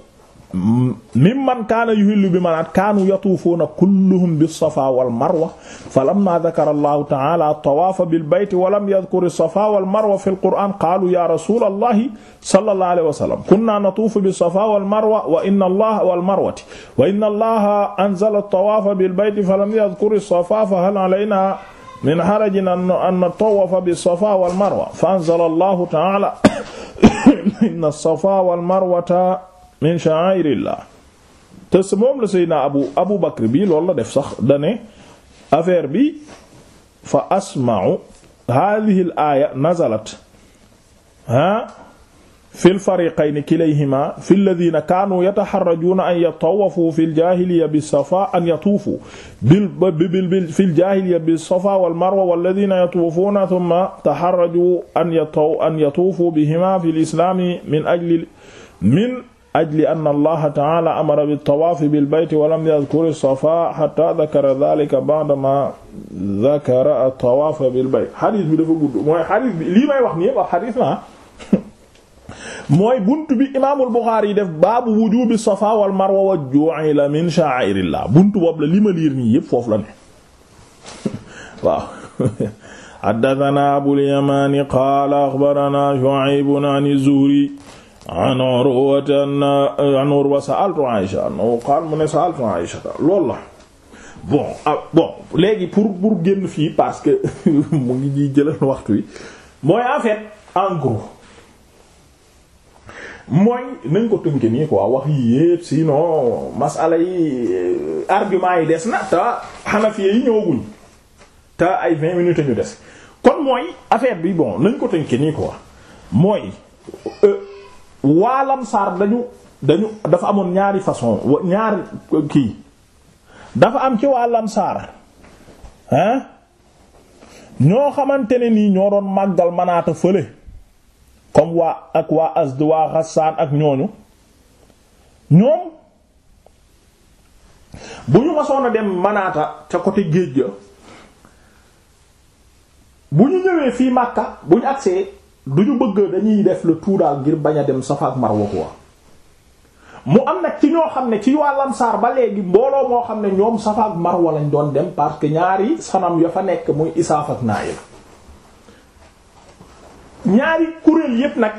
mimman kaana yuhillu bi manaat kaanu yatuufuuna kulluhum bi safa wal marwa falamma dakara allahu taala tawaafa bil bayti wa lam yadkur safa wal marwa fi alqur'an qaalu ya rasula allahi sallallahu alayhi wa sallam kunna natuufu bi safa wal marwa wa inna allaha wal marwati wa inna allaha anzala tawaafa bil bayti falam yadkur safa fahal alayna min harajin an natawwafa bi safa wal marwa fa anzala allahu taala inna safa wal marwata min sha'airillah te sa moom la Seydina Abu Abu Bakr bi loolu la def sax dane affaire bi fa asma'u hadhihi al-aya nazalat ha fi al-fariqayn kilayhima fi alladhina kanu yataharrajuna an yatawafu fi al-jahiliyya bis-safa an yatufu bil bil fi al-jahiliyya bis-safa wal-marwa walladhina yatufuna thumma taharraju an yataw an yatufu bihima fi al-islam min ajli min ajli anna allaha taala amara bitawaafi bilbayti walam yadkur safa xata dakara dalika baadama dakara atawaafa bilbayt xadis bi dafa gudd mooy xadis bi lii may wax nii yëpp ak xadis la mooy bunt bi imaamul Buxaari yi def baabu wujubi safa wal marwa wa ju'ila min sha'airillah bunt boobu la li ma liir nii yëpp foofu la ne waaw haddathana abul yamaani qaala axbarana Shu'ayb an az-Zuhri an Urwatan an Urwa sa'altu Aïsha no qaal mu ne sa'altu Aïsha loolu la bon ah bon léegi pour pour génn fii parce que mu ngi ñuy jëlal waxtu wi mooy en fait mooy nañ ko tënke nii quoi wax yi yépp sinon masala yi euh, argument yi des na te Hanafiya yi ñëwaguñ te ay vingt minutes ñu des kon mooy affaire bi bon nañ ko tënke nii quoi mooy. Euh, waa lamsaar dañu dañu dafa amoon ñaari façon ñaar kii dafa am ci waa lamsaar hein ñoo xamante ne nii ñoo doon màggal manaata fële comme waa ak waa asd waa xasaan ak ñooñu ñoom bu ñu masoon a dem manaata ca côté géej ga bu ñu ñëwee fii Makka bu ñu agsee du ñu bëgg dañuy def le tout ngir bañ a dem Safa ak Marwa quoi mu am nag ci ñoo xam ne ci waa Ansaar ba léegi mbooloo moo xam ne ñoom Safa ak Marwa lañ doon dem parce que ñaari sanam ya fa nekk muy Isaaf ak Naayil ñaari kuréel yépp nag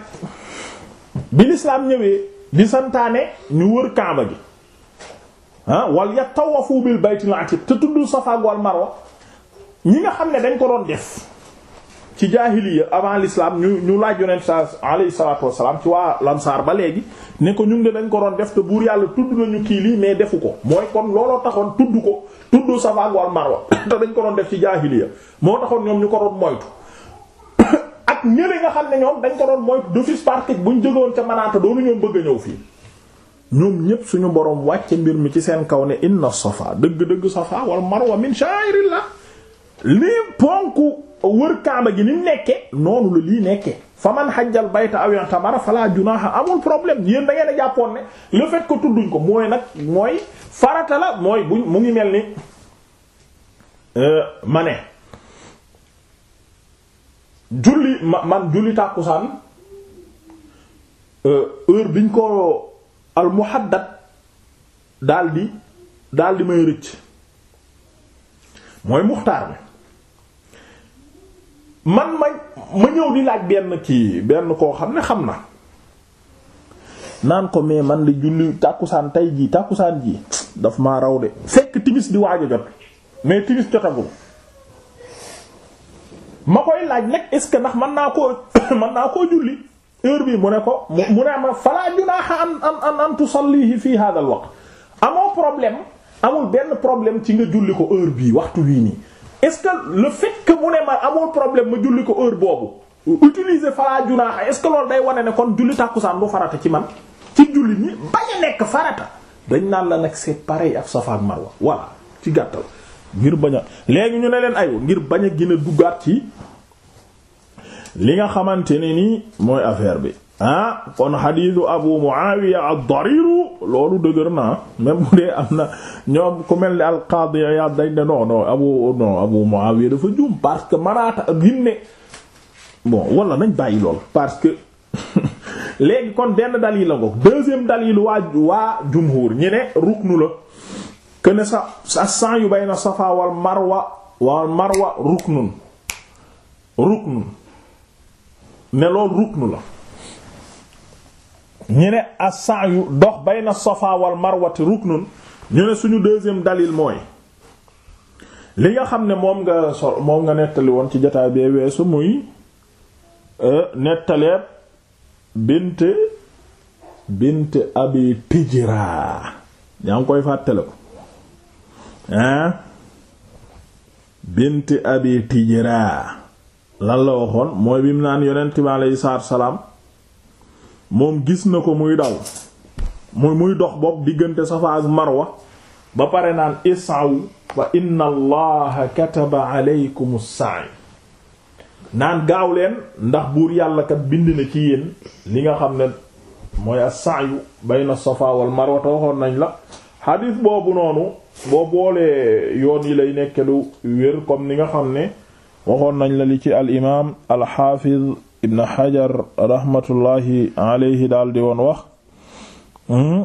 bi lislaam ñëwee di santaane ñu wër Kaaba gi ah wal taw a baytil atiq te tudd Safa wal Marwa ñi nga xam ne dañ ko doon def ci jaahiliya avant l'islam ñu ñu laaj yonent sa alayhi salaatu wassalaam ci waa lansaar ba léegi ne ko ñun de dañ ko doon def te buur yàlla tudd nañu kii lii mais defu ko mooy kon looloo taxoon tudd ko tudd Safaa ak wal Marwa te dañ ko doon def ci jaahiliya moo taxoon ñoom ñu ko doon moytu ak ñële nga xam ne ñoom dañ ko doon moytu d'office parce bu ñu jógoon ca manaata doonu ñoom bëgg ñëw fii ñoom ñépp suñu borom wàcce mbir mi ci seen kaw ne inna Safa dëgg-dëgg Safa wal Marwa min sha'irillah wër kaaba gi ni nekke noonu la lii nekke fa man xajjal bayta aw i'tamara fala junaaha amul problème yéen da ngeen a jàppoon ne le fait que tudduñ ko mooy nag mooy farata la mooy buñ mu ngi mel ni euh, ma ne julli ma man julli tàkkusaan euh, heure biñ ko al muhaddad dal daldi may rëcc mooy muxtaar bi man ma ma ñëw di laaj benn kii benn koo xam ne xam na naan ko mais man de julli tàkkusaan tey jii tàkkusaan jii daf maa raw de fekk timis di waaj a jot mais timis jotagul ma koy laaj nag est ce que ndax mën naa koo mën naa koo julli heure bi mu ne ko mu ne ma falaa junaaha an an an an tusallihi li fi al waqt amoo problème amul benn problème ci nga julli ko heure bii waxtu wii nii est-ce que le fait que mu ne ma amul problème ma julli ko heure boobu utiliser falaa junaaxa est-ce day wane ne kon julli tàkkusaan bu farata ci man ci julli ñi bañ nekk farata dañ naan la nag c'est pareil ak Safa Marwa voilà ci gàttal ngir bañ a ñu ne leen aywa ngir bañ a gën a duggaat ci li nga xamante ne nii mooy affaire bi ah kon xadiisu abu muawiya ad-dariru loolu dëgër na même bu dee am na ñoom ku mel ni al-qaadi Iyaad dañ ne non non abu non abu muawiya dafa juum parce que manaata ginne bon wala nañ bàyyi lool parce que léegi kon benn dalil la ngoog deuxième waa waa jumhur ñi ne ruknu la que ne sa sa sa'yu bayna safa wal marwa wal marwa ruknun ruknun ne loolu ruknu la ñu ne as-sa'yu dox bayna safa wal marwati ruknun ñu ne suñu deuxième dalil mooy li nga xam ne moom nga so moom nga nettali woon ci jotaay bee weesu muy euh, nettaleeb bint bint abi tijra yaa ngi koy fàttale ko hein bint abi tijra lan la waxoon mooy bi mu naan yonent bi aleyhi salaam moom gis na ko muy daw mu muy dox bopp diggante safa ak marwa ba pare naan isaw fa inna allaha kataba aleykum sa'i naan gaaw leen ndax buur yàllakat bind na ci yéen li nga xam ne mooy as-sa'yu bayna safa wal marwa waxoon nañ la xadiis boobu noonu boo boolee yoon yi lay nekk lu wér comme ni nga xam ne waxoon nañ la li ci al imaam al xaafiz ibn Hajar rahmatullahi daal di woon wax hmm,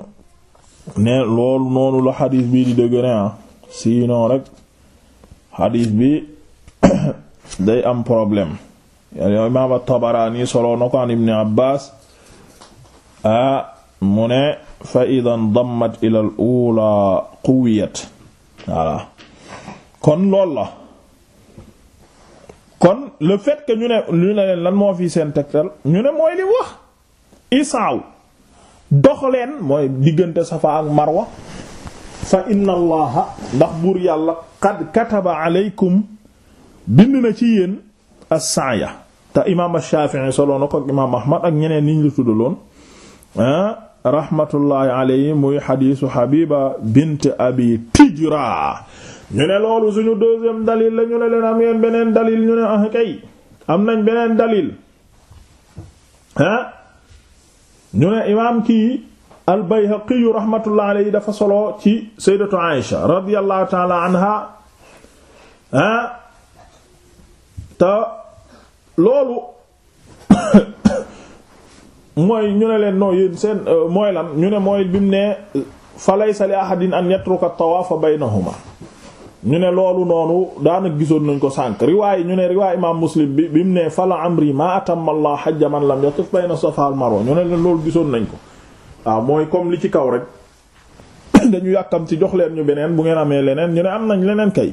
ne loolu noonu la xadiis bi di dëgëre ah sinon rek xadiis bi day am problème imaam at-Tabaraani soloo na ko an Abbaas a ah, mu ne fa idan dammat ila al-uula kon loolu kon le fait ñu ne ñu ne leen lan moo fi seen tegtal ñu ne mooy li wax isaaw dox leen mooy diggante safaa ak marwa fa inna allaha ndax buur yàlla qad kataba aleykum bind na ci yéen as-sa'ya te imaam Shaafi'i soloo na ak imaam Ahmad ak ñeneen niñ la tuddaloon ah, rahmatullahi alayhi muy xadiisu Habiba bint abi Tijra ñu ne loolu suñu deuxième dalil la ñu ne leen am ngeen beneen dalil ñu ne ah am nañ beneen dalil ah ñu ne imaam kii al Bayhaqi rahmatullah alayhi dafa solo ci sayyidatu Aisha radiyallahu ta'ala anha ah te loolu mooy ñu ne leen non euh, mooy lan ñu ne mooy bi mu ne falaysa li ahadin an yatruka at-tawaaf baynahuma ñu ne loolu noonu daanaka gisoon nañ ko sànq riwaay ñu ne riwaay imaam muslim bi bi mu ne fala amri ma atamma Allah hajja man lam yatuf bayna na al marwa ñu ne leen loolu gisoon nañ ko waaw mooy comme li ci kaw rek dañu yàkkam ci jox leen ñu beneen bu ngeen amee leneen ñu ne am nañ leneen kay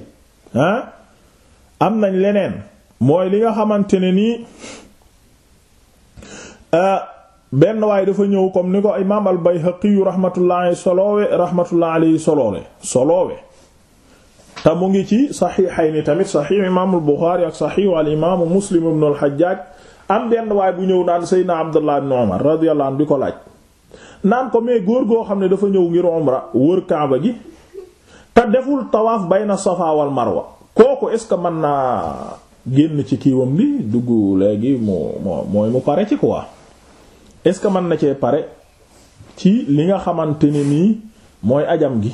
ah am nañ leneen mooy li nga xamante ne nii euh, benn waaye dafa ñëw comme ni ko imaam al Bayhaqi rahmatullahi soloowe rahmatullahi alayhi soloowe soloowe te mu ngi ci saxiixayni tamit saxiix imaamul Buxaari ak saxiixu al imaamu Muslim ibn al Hajjaaj am benn waay bu ñëw naan Seydina Abdullah ibn Umar radiyallahu anhu di ko laaj naan ko mais góor goo xam ne dafa ñëw ngir umra wër Kaaba gi te deful tawaaf bayna Safa wal Marwa kooku est ce que mën naa génn ci kiiwam bi dugg léegi mu mooy mu pare ci quoi est ce que mën na cee pare ci li nga xamante ne nii mooy ajam gi.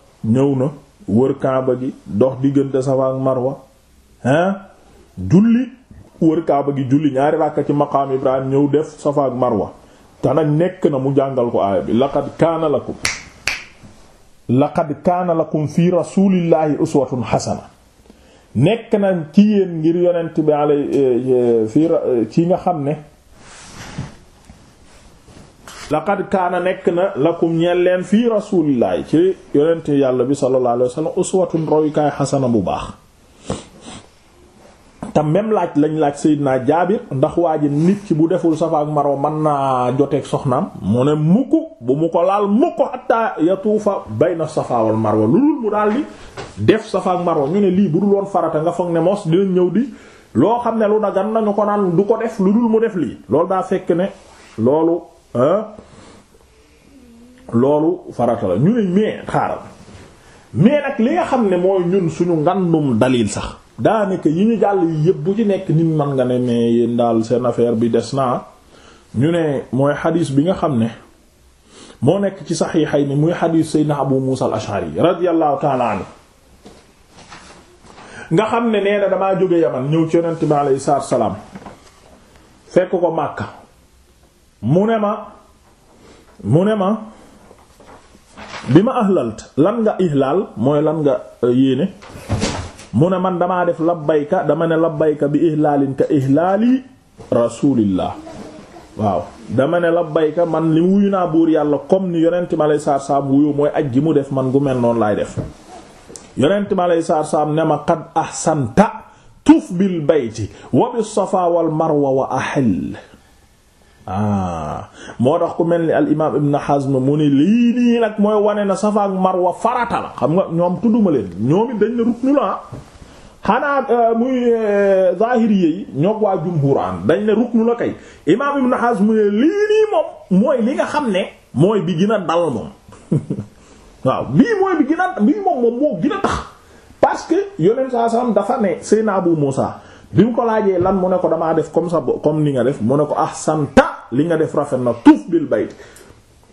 ñëw na wër kaaba gi dox diggante Safa ak Marwa hein julli wër kaaba gi julli ñaari ràkka ci maqaam Ibrahim ñëw def Safa ak Marwa te nag nekk na mu jàngal ko aaya bi laqad kaana lakum laqad kaana lakum fi rasulillahi uswatun hasana nekk na ci yéen ngir yonent bi alay eh, fi eh, ci nga xam ne laqad kaana nekk na lakum ñeen leen fii rasulillahi ci yonent yàlla bi sallallahu alayhi wa sallam uswatun royukaay xasana bu baax tam même laaj lañ laaj Seydina Jaabir ndax waa ji nit ci bu deful Safa ak Marwa man naa joteeg soxnaam mu ne mukk bu mu ko laal mukk hatta yatuufa bayna Safa wal Marwa lu dul mu daal di def Safa ak Marwa ñu ne lii bu dul woon farata nga foog ne mos dinañ ñëw di loo xam ne lu dagan nañu ko naan du ko def lu dul mu def lii loolu loolu faratala ñu ne mais xaaral mais nag li nga xam ne mooy ñun suñu ngandum dalil sax daanaka yi ñu jàll yi yëpp bu ci nekk nit man nga ne mais yéen daal seen affaire bi des naa ñu ne mooy xadiis bi nga xam ne moo nekk ci saxiixay ni muy xadiis Seydina Abu Muusa al-Ash'ari radiyallahu ta'ala anhu nga xam ne nee na damaa jóge Yaman ñëw ci yonent bi alayhi salaam fekk ko màkka mu ne ma mu ne ma bi ma ahlalt lan nga ihlaal mooy lan nga euh, yéene mu ne man damaa def labbayka dama ne labbayka bi ihlaalin ka ihlaali rasulillah waaw dama ne labbayka man li wuy naa buur yàlla comme ni yonent ma lay saar saam wuyu mooy aj gi mu def man gu mel noonu laay def yonent ma lay saar saam ne ma qad ahsanta tuf bil bayti wa bis safa marwa wa ahil ah moo tax ku mel ni al imaam Ibn Hazm mu ne lii nii nag mooy wane na Safa ak Marwa farata la xam nga ñoom tudduma leen ñoom it dañ ne ruknu la ah. xanaa euh, muy euh, zahiri yi ñoog waa jumhuuraan dañ ne ruknu la kay imaam Ibn Hazm mu ne lii nii moom mooy li nga xam ne mooy bi gën a dal moom waaw bii mooy bi gën a bii moom moom moo gën a tax parce que yonent saa dafa ne Seydina Abu Muusa bi mu ko laajee lan mu ne ko damaa def comme ça comme ni nga def mu ne ko ahsanta li nga def rafet na tuuf bil bayt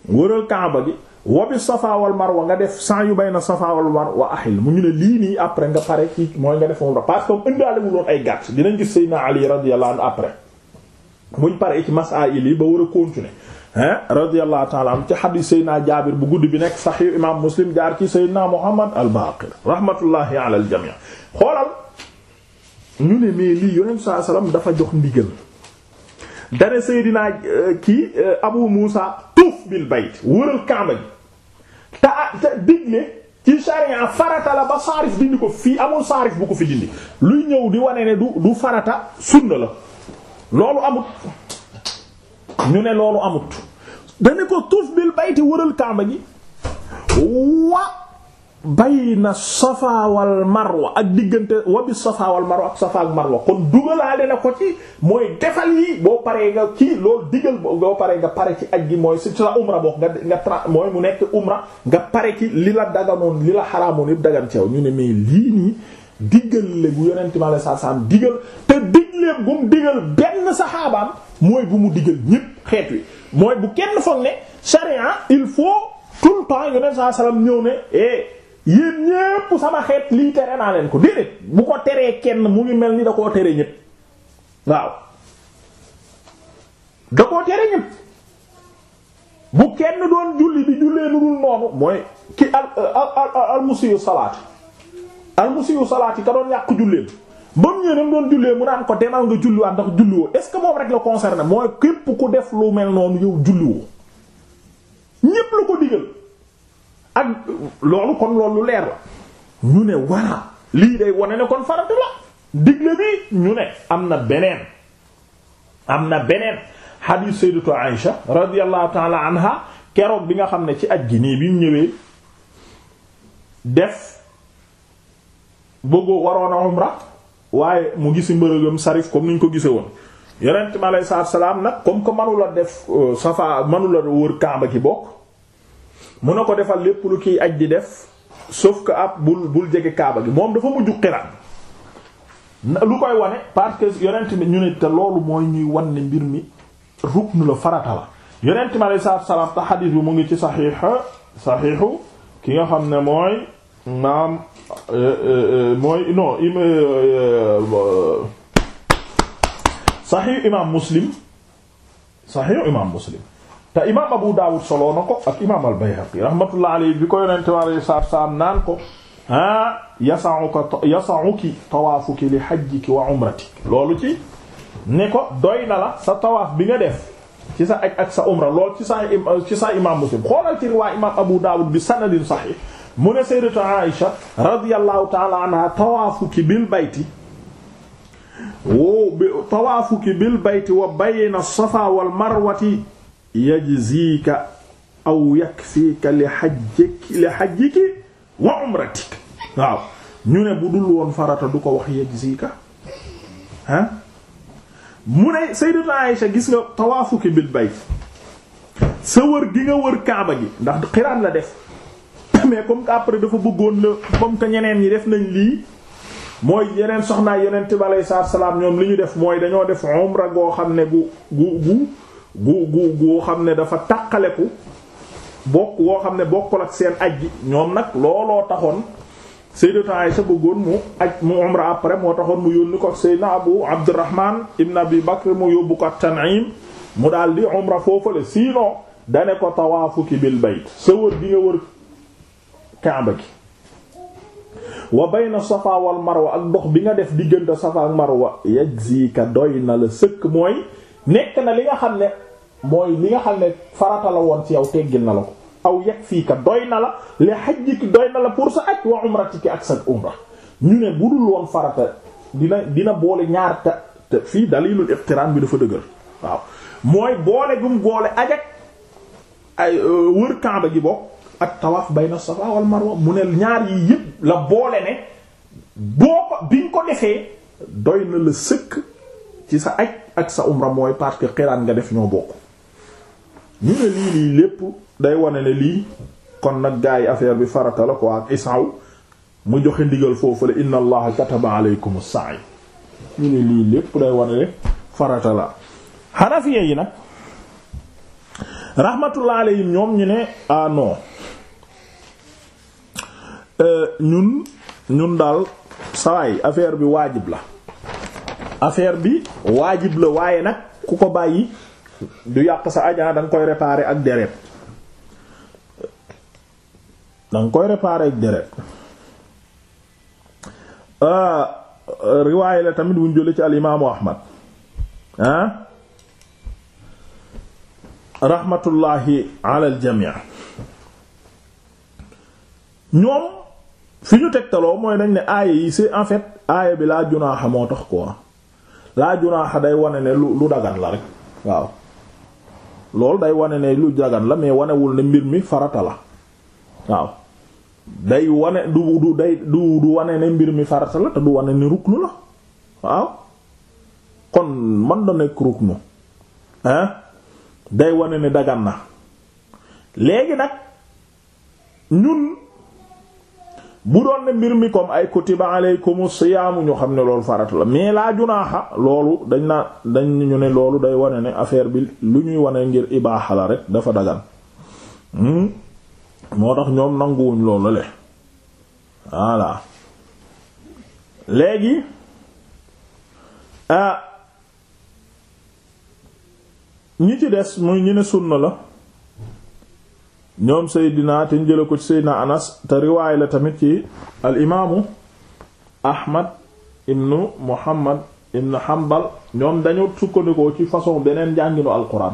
wëral kaaba gi wa bi safa wal marwa nga def sans yu bay na safa wal marwa ahil mu ñu ne lii nii après nga pare ci mooy nga def umra parce que indaale wu doon ay gàtt dinañ gis Seydina Ali radiyallahu anhu après buñ pare ci masaa'il yi ba war a continuer hein radiyallahu ta'ala anhu ci xadiis Seydina Jaabir bu guddi bi nekk sahih imam Muslim jaar ci Seydina Muhammad al-Baqir rahmatullahi ala al-jami' xoolal ñu ne mais lii yonent saa salaam dafa jox ndigal dane Seydina euh, kii euh, Abu Muusa tuuf bil bayt wëral kaaba gi te ah te digle ci sharia farata la ba saarif dindi ko fii amul saarif bu ko fi dindi luy ñëw di wane ne du du farata sunna la loolu amut ñu ne loolu amut dane ko tuuf bil bayti wëral kaaba gi wa bayna safa wal marwa ak diggante wa bi safa wal marwa ak safa ak marwa kon dugalaale na ko ci mooy defal yi boo paree nga kii loolu digal boo paree nga pare ci ak gi mooy si la umra boo nga nga tra mooy mu nekk umra nga pare ci li la daganoon li la xaraamoon yëpp dagan ceew ñu ne mais lii nii digal gu yonent mi sa salaam digal te digleem gu mu digal benn saxaabaam mooy bu mu digal ñépp xeet wi mooy bu kenn foog ne charia il faut tout le temps yonent saa salaam ñëw eh, yéen ñépp sama xeet lii tere naa leen ko déedéet bu ko teree kenn mu ngi mel ni da koo tere ñépp waaw da koo tere ñépp bu kenn doon julli di jullee nu dul noonu mooy ki al al al al musiyu salaat al musiyu salaat yi ka doon yàq julleen ba mu ñëwee doon jullee mu naan ko demal nga julliwaat ndax julliwoo est ce que moom rek la concerné mooy képp ku def lu mel noonu yow julliwoo ñépp la ko digal. ak loolu kon loolu leer la ñu ne voilà lii day wane ne kon farata la digle bi ñu ne am na beneen am na beneen hadith sayyidatu Aisha radiyallahu ta'ala anha keroog bi nga xam ne ci aj gi nii bi ñu ñëwee def bëggoo waroon a umra waaye mu gisi mbërëgam sarif comme ni ñu ko gisee woon yonent mi alayhi salaam nag comme que mënu def euh, safa mënu la wër kaaba gi bokk mu na ko defal lépp lu kiy aj di def sauf que ab bul bul jege kaaba gi moom dafa mujj xiran lu koy wane parce que yonent bi ñu ne te loolu mooy ñuy wan ne mbir mi ruknu la farata la yonent bi alayhi salaatu salaam te xadiis bi mu ngi ci saxiix saxiixu ki nga xam ne mooy naam euh, euh, euh, mooy non saxiixu imaam muslim saxiixu imaam muslim te imaam Abu Dawud soloo na ko ak imaam al-Bayhaqi rahmatullah alayhi bi ko yonente mi alayhi salaatu salaam naan ko ah yasa'uka yasa'uki tawaafuki li hajjiki wa umratiki loolu ci ne ko doy na la sa tawaaf bi nga def ci sa aj ak sa umra lool ci sa ci sa imaam Muslim xoolal ci riwaaya imaam Abu Dawud bi sanadin sahih mu ne sayyidatu Aisha radiyallahu ta'ala anha tawaafuki bil bayti wa tawaafuki bil bayti wa bayna as-safa wal marwati yajziika aw yakfiika li xajjiki li xajjiki wa umratik waaw ñu ne bu dul woon farata du ko wax yajziika ah mu ne sayyidatu Aïsha gis nga tawaafuki bil bayt sa wër gi nga wër kaaba gi ndax xiraan la def mais comme que après dafa bëggoon la comme que ñeneen yi def nañ lii mooy yeneen soxnaa yonent bi alayhi salaam ñoom li ñu def mooy dañoo def umra goo xam ne gu gu gu gu gu goo xam ne dafa tàqaleku bokk woo xam ne bokkul ak seen aj gi ñoom nag looloo taxoon Sayyidatu Aisha bëggoon mu aj mu umra après moo taxoon mu yónni ko Sayyidina Abu Abdurrahman ibn Abi Bakr mu yóbbu ko Tan'im mu daal di umra foofale sinon dane ko tawaafuki bil bayt sa wër di nga wër Kaaba gi wa bayna safa marwa ak dox bi nga def diggante safa ak marwa yajzika doy na la sëkk mooy nekk na li nga xam ne mooy li nga xam ne farata la woon ci yow teggil na la ko aw yeg fii ka doy na la li hajjiki doy na la pour sa aj wa umratiki ak sa umra ñu ne bu dul woon dina dina boole ñaar fii dalilul bi dafa dëgër waaw boole gum boole ajak ay euh, wër Kaaba gi bokk ak tawaaf bayna safa wal marwa mu ne ñaar yi la boole ne bi ko defee doy na la sëkk ci sa aj ak sa umra mooy parce que xiraan nga def ñoo bokk ñu ne lii lii lépp day wane ne lii kon nag gaa yi affaire bi farata la ko ak isaw mu joxe ndigal foofu la inna allaha kataba aleykum sa'i ñu ne lii lépp day wane ne farata la xanafiya yi nag rahmatullah yi ñoom ñu ne ah non euh, ñun ñun daal sawaay affaire bi waajib la affaire bi waajib la waaye nag ku ko bàyyi du yàq sa ajaa ah, danga koy réparer ak deret danga koy réparer ak deret ah, riwaay la tamit wuñ jële ci al imaamu ahmad ah rahmatullahi ala al jamii ñoom fi ñu tegtaloo mooy dañ ne aaya yi c'est en fait aaya bi laa junaaxa moo tax quoi laa junaaxa day wane ne lu lu dagan la rek waaw loolu day wane ne lu jagan la mais wanewul ne mbir mi farata la waaw day wane du du day du du wane ne mbir mi farata la te du wane ni ruknu la waaw kon man da nekk ruknu hein day wane ne dagan na léegi nag ñun bu doon ne mbir mi comme ay kutiba alaykumu siyaamu ñu xam ne loolu farat la mais laa junaaxa loolu dañ naa dañ ne loolu day wane ne affaire bi lu ñuy wane ngir ibaaxa la rek dafa dagan hmm? moo tax ñoom nanguwuñ loolu le voilà léegi ah, ñi ci des muy ñu ne sunna la ñoom Seydina te ñu jële ko ci Seydina Anas te riwaay la tamit ci al imaamu Ahmad ibnu Muhammad ibnu Hanbal ñoom dañu sukkandikoo ci façon beneen njànginu alquran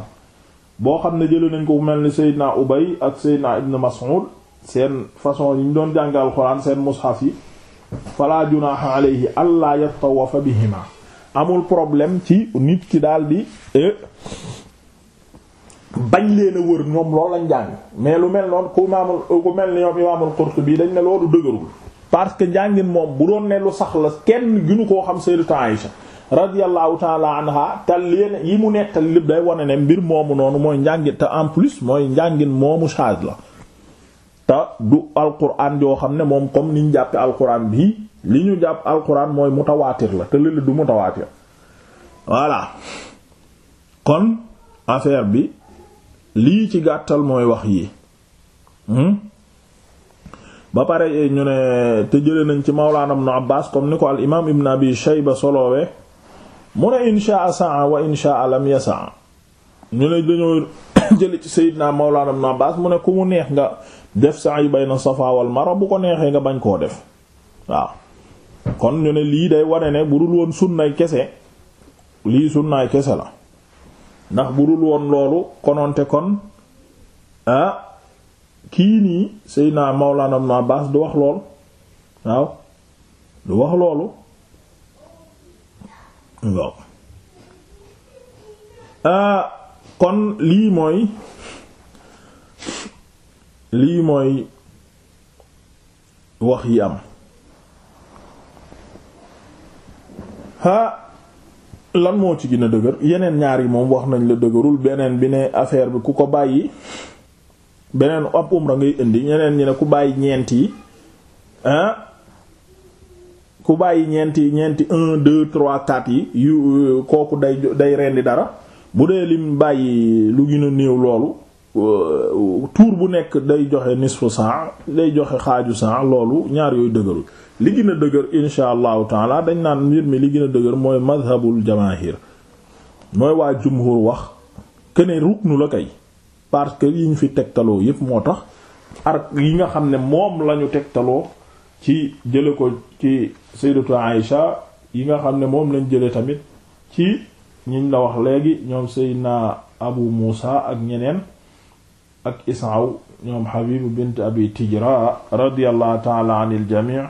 boo xam ne jële nañ ko mel ni Seydina Ubay ak Seydina ibnu Mas'ud seen façon yi ñu doon jàng alquran seen mushaf yi fala junaha alayhi allaa yatawafa bihima amul problème ci nit ki daal di eh, bañ leen a wër moom loolu lañ jàng mais lu mel noonu ku maamul ku mel ni ñoom imaamul Qurtubi dañ ne loolu dëgërul parce que njàngin moom bu doon ne lu sax la kenn ginu koo xam sayyidatu Aïsha radiyallahu ta'ala anha te leen yi mu nekkal lépp day wone ne mbir moomu noonu mooy njàngin te en plus mooy njàngin moomu change la te du alquran yoo xam ne moom comme ni ñu jàppe alquran bii li ñu jàpp alquran mooy mutawaatir la te lële du mutawaatir voilà kon bi lii ci gàttal mooy wax yi hmm? ba pare eh, ñu ne te jële nañ ci mawlaana ibnu Abbaas comme ni ko al imaam ibn abi shayba soloowe mu ne inshaa saa wa inshaa lam yasaa ñu ne dañoo jële ci sayyidina mawlaana ibnu Abbaas mu ne ku mu neex nga def sa'i bayna safa wal marwa bu ko neexee nga bañ koo def waaw kon ñu ne lii day wane ne bu dul woon sunnaay kese lii sunnaay kese la ndax bu dul woon loolu kononte kon ah kii nii Seydina Mawlana Ibn Abbas du wax lool waaw du wax loolu waaw ah kon lii mooy lii mooy wax yi am ah lan moo ci gën a dëgër yeneen ñaar yi moom wax nañ la dëgërul beneen bi ne affaire bi ku ko bàyyi beneen ab umra ngay indi ñeneen ñi ne ku bàyyi ñeent yi ku bàyyi ñeenti ñeenti un deux trois quatre yi yu kooku day day reen di dara bu dee lim bàyyi lu gën a néew loolu euh, tuur bu nekk day joxe nisfu saa day joxe xaaju saa loolu ñaar yooyu dëgërul li gën a dëgër insha allahu taala dañ naan mbir mi li gën a dëgër mooy madhabul jamaahir mooy waa jumhur wax këne ruknu la kay parce que yi ñu fi tegtaloo yépp moo tax ar yi nga xam ne moom lañu tegtaloo ci jële ko ci sayyidatu Aïsha yi nga xam ne moom lañ jële tamit ci ñiñ la wax léegi ñoom sayyidina Abu Muusa ak ñeneen ak Isaaw ñoom Habib bint Abi Tijra radiyallahu ta'ala anil jami'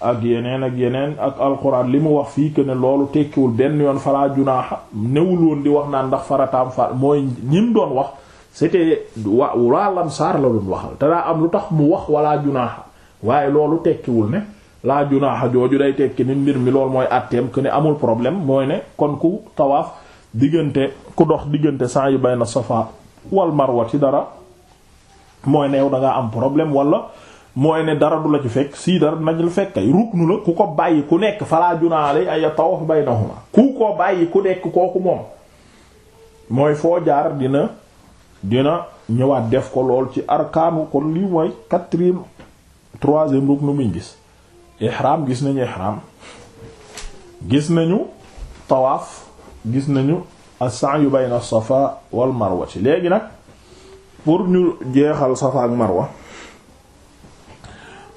ak yeneen ak yeneen ak alxuraan li mu wax fii que ne loolu tekkiwul benn yoon fala junaaxa newul woon di wax naan ndax farataam fa mooy ñim doon wax c'était wa waa lamsaar la doon waxal te daa am lu tax mu wax wala junaaxa waaye loolu tekkiwul ne laa junaaxa jooju day tekki ni mbir mi loolu mooy atteem que ne amul problème mooy ne kon ku tawaaf diggante ku dox diggante saa yu bay na safa wal marwa ci dara mooy ne yow am problème wala mooy ne dara du la ci fekk sii dara dinañ lu fekk ay ruknu la ku ko bàyyi ku nekk falaa junaale ay tawaf baynahuma ku ko bàyyi ku nekk kooku moom mooy foo jaar dina dina ñëwaat def ko lool ci arkaanu kon li mooy quatrième troisième ruknu muñ gis ihram gis nañu ihram gis nañu tawaaf gis nañu as yu bay na safa wal marwa ci léegi nag pour ñu jeexal safa ak marwa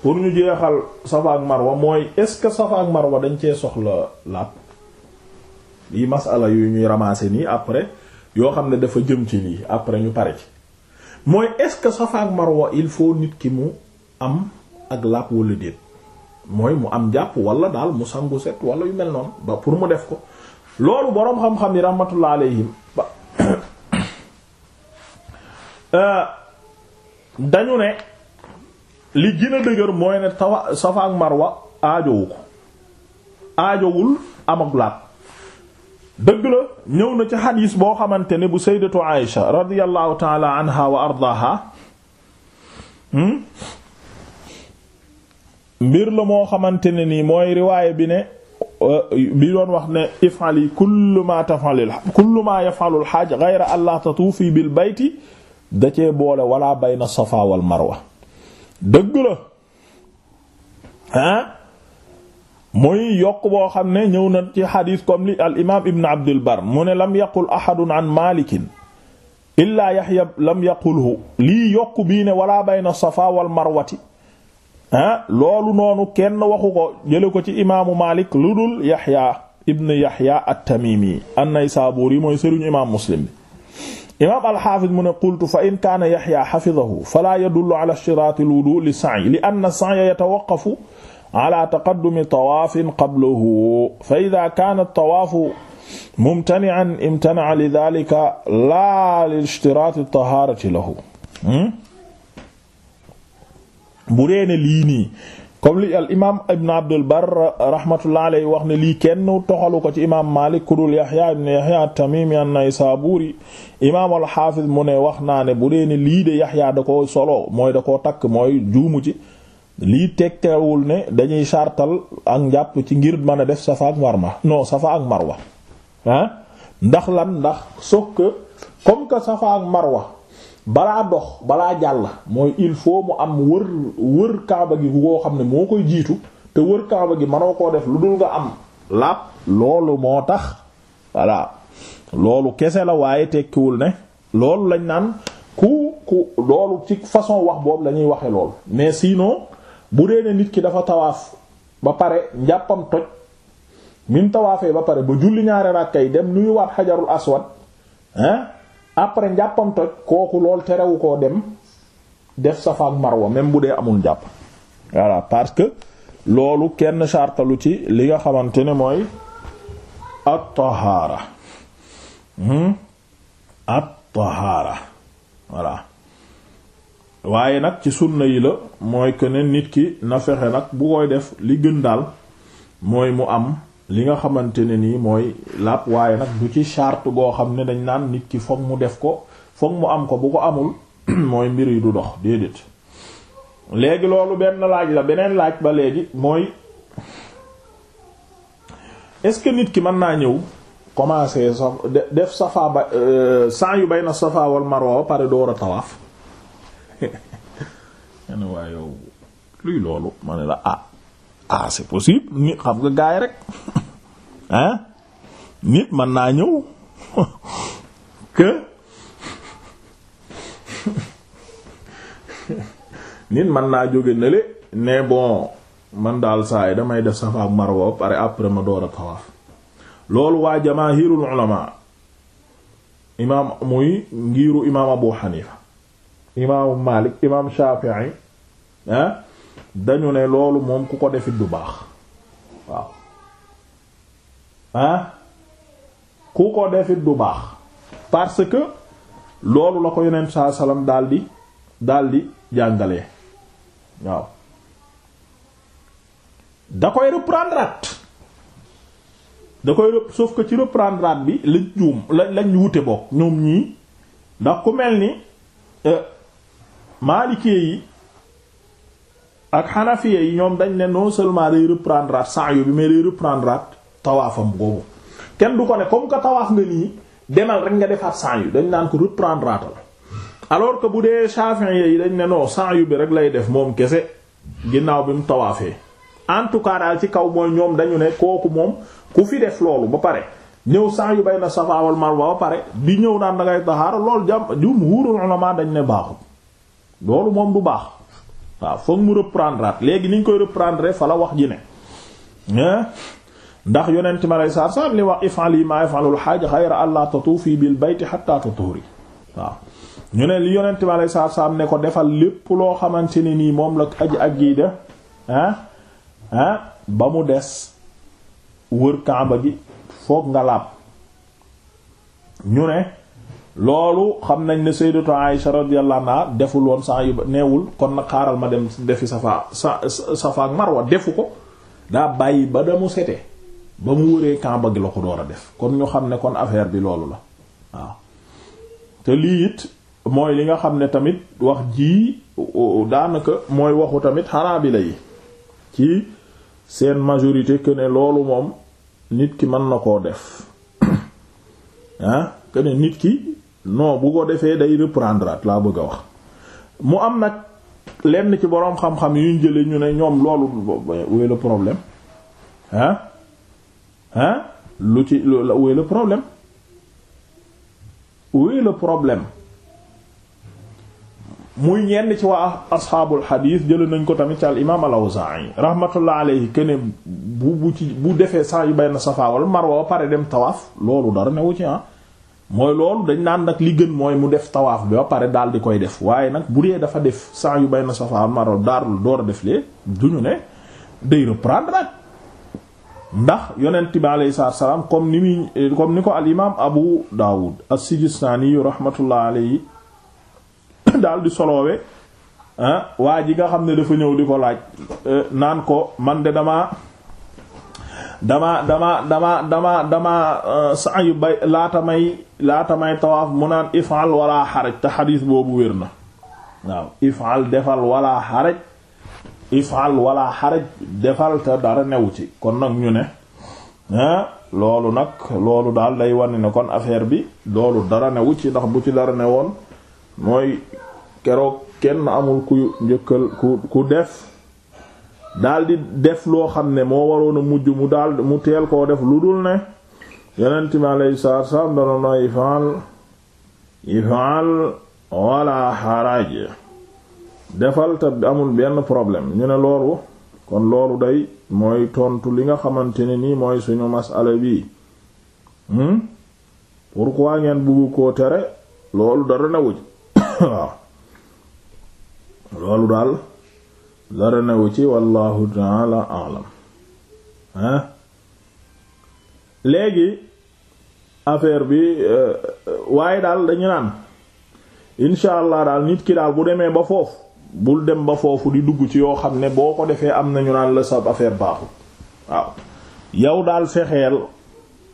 pour ñu jeexal Safa ak Marwa mooy est-ce que Safa ak Marwa dañ see soxla laab lii masala yu ñuy ramasser nii après yoo xam ne dafa jëm ci lii après ñu pare ci mooy est-ce que Safa ak Marwa il faut nit ki mu am ak laab wala déet mooy mu am jàpp wala daal mu sangu set wala yu mel noonu ba pour mu def ko loolu boroom xam-xam yi rahmatullah alayhim ba euh, dañu ne li gën a dëgër mooy ne tawa safa marwa aajowul am ak dëgg la ñëw na ci xadiis boo xamante ne bu sayyidatu Aïsha radiyallahu taala anha wa ardaha hmm? mbir la moo xamante ne ni mooy riwaaya bi ne euh, bi doon wax ne ifali kullu ma tafalil kullu ma yafalul xaaj gayra an la tatuufi bil bayti da boole wala bayna safa wal marwa dëgg la ah muy yokk boo xam ne ñëw na ci xadis comme li al imaam ibn abdul mu ne lam yaqul ahadun an malikin illaa yaxya lam yaqulhu lii yokk bii ne wala bayna safa wal marwati ah loolu noonu kenn waxu ko jële ko ci imaamu malik lu dul yaxya ibn yaxya at-tamimi an-naysaburi mooy sëriñu imaam muslim imaam alxaafis mu ne qultu fa in kaana yaxya xafidahu falaa yadullu ala ishtiraati alwudu li sa'yi li anna sa'ya yatawaqqafu ala taqaddumi tawaafin qablahu fa idaa kaana tawaafu mumtani'an imtana'a li daalika laa li ishtiraati tahaarati lahu hmm? bu dee ne lii nii comme li al imaam ibn Abdul Barr rahmatullah wax ne lii kenn toxalu ko ci imaam Maalik kudul Yahya ibn Yahya at-Tamimi an-Naysaburi imaam al-Hafiz mu ne wax naa ne bu dee ne lii de Yahya da koo solo mooy da koo takk mooy juumu ci lii tegtewul ne dañuy sartal ak njàpp ci ngir mën a def safa ak marwa non safa ak marwa lan ndax sokk comme marwa balaa dox balaa jàll mooy il faut mu am wër wër kaaba gi bu koo xam ne moo koy jiitu te wër kaaba gi manoo koo def lu dul nga am laab loolu moo tax voilà loolu kese la waaye tekkiwul ne loolu lañ naan ku ku loolu ci façon wax boobu la ñuy waxe lool mais sinon bu dee ne nit ki dafa tawaaf ba pare njàppam toj min tawaafee ba pare ba julli ñaari ràkka yi dem nuyuwaat xajarul aswad hein après njàppam toj kooku lool terewu koo dem def Safa ak Marwa même bu dee amul njàpp voilà parce que loolu kenn sartalu ci li nga xamante ne mooy at-tahaara hmm? waaye nag ci sunna yi la mooy que ne nit ki na fexe nag bu koy def li gën daal mooy mu am li nga xamante ne nii mooy laab waaye nag du ci charte goo xam ne dañ naan nit ki foog mu def ko foog mu am ko bu ko amul mooy mbir yi du dox déedéet léegi loolu benn laaj la beneen laaj ba léegi mooy est-ce que nit ki mën naa ñëw commencer sa def safa ba euh, sans yu bay na safa wal marwa pare door a tawaaf. man luy loolu ma la ah. ah c'est possible ni xam nga gaay rek ah nit mën naa ñëw que nit mën naa jóge nale ne bon man daal saa yi damay def Safa ak Marwa pare après ma door a tawaaf loolu waa jamaahirul ulama imaam muy ngiiru imaam Abu Hanifa imaam Malik imaam Shafi'i ah dañu ne loolu moom ku ko defit du baax waaw ah ku ko defit du baax parce que loolu la ko yonent saa salaam daldi daldi jàngale waaw da koy reprendre at da koy sauf que ci reprendre at bi la juum la lañ wute bokk ñoom ñii ndax ku mel ni euh, maalikee yi ak xanafiya yi ñoom dañ ne non seulement day reprendre at sa'yu bi mais day reprendre at tawaafam boobu kenn du ko ne comme que tawaaf nga nii demal rek nga defaat sa'yu dañ naan ko reprendre atal alors que bu dee shafi'iyya yi dañ ne non yu bi rek lay def moom kese ginnaaw bi mu tawaafee en tout cas daal ci kaw mooy ñoom dañu ne kooku moom ku fi def loolu ba pare ñëw sa'yu bay na wal marwa ba pare di ñëw naan da ngay taxaar loolu jam jumhuurul ulama dañ ne baaxul loolu moom du baax. waaw foog mu reprendre léegi ni koy reprendre fa la wax ji ne ndax yonent ma lay saar saar li wax if'ali ma yaf'alul hajj ghayra an la tatufi bil bayti hatta tatuhuri waaw ñu ne li yonent ma lay saar saar ne ko defal lépp loo xamante ne nii moom la aji ak gii def ah ba mu des wër kaaba gi foog nga laab ñu ne loolu xam nañ ne sayyidatu Aisha radiyallahu anha deful woon saa yu neewul kon nag xaaral ma dem defi safa sa safa marwa defu ko daa bàyyi ba damu sete ba mu wëree Kaaba gi la ko door a def kon ñu xam ne kon affaire bi loolu la waaw te lii it mooy li nga xam ne tamit wax ji daanaka mooy waxu tamit Hanabila yi ci seen majorité que ne loolu moom nit ki mën na koo def que ne nit ki non bu ko defee day reprendre laa bëgg a wax mu am nag lenn ci boroom xam-xam yu ñu jëlee ñu ne ñoom loolu où est le problème ah ah lu ci où est le problème où est le problème muy ñenn ci waa asxaabul xadiis jëlee nañ ko tamit ci al imaam al-Awzaa'i rahmatullah alayhi kene bu bu ci bu defee saa yu bay na Safaa wal Marwa ba pare dem tawaaf loolu dara newu ci ah mooy loolu dañ naan nag li gën mooy mu def tawaaf bi ba pare daal di koy def waaye nag bu dee dafa def sa'yu bayna safa wal marwa daarul door a def lee duñu ne day reprendre nag ndax yonent bi alayhi salaam comme ni muy comme ni ko al imaam Abu Dawud as-Sijistani rahmatullah alayhi di soloowe ah, waa ji nga xam ne dafa ñëw di ko laaj eh, naan ko man de damaa dama dama dama dama dama euh, saa yu bay laata may laata may tawaaf mu naan ifal wala xaraj te xadiis boobu wér na waaw ifal defal wala xaraj ifal wala xaraj defal te dara newu ci kon nag ñu ne loolu nag loolu daal day wane ne kon affaire bi loolu dara newu ci ndax bu ci dara ne woon mooy keroog kenn amul ku njëkkal ku ku def daldi def loo xam ne moo waroon a mujj mu daldi mu teel koo def lu dul ne yonent mi alayhi salaatu wassalaam danoon na ifal ifal wala xaraj defal te amul benn problème ñu ne loolu kon loolu day mooy tontu li nga xamante ne nii mooy suñu masala bii hmm pourquoi ngeen bëggu koo tere loolu dara na wuj waaw loolu daal dara newu ci wallahu taala alam ah léegi affaire bi euh, waaye daal dañu naan incha allah daal nit ki daal bu demee ba foofu bul dem ba foofu di dugg ci yoo xam ne boo ko defee am nañu naan la sab affaire baaxul waaw yow daal fexeel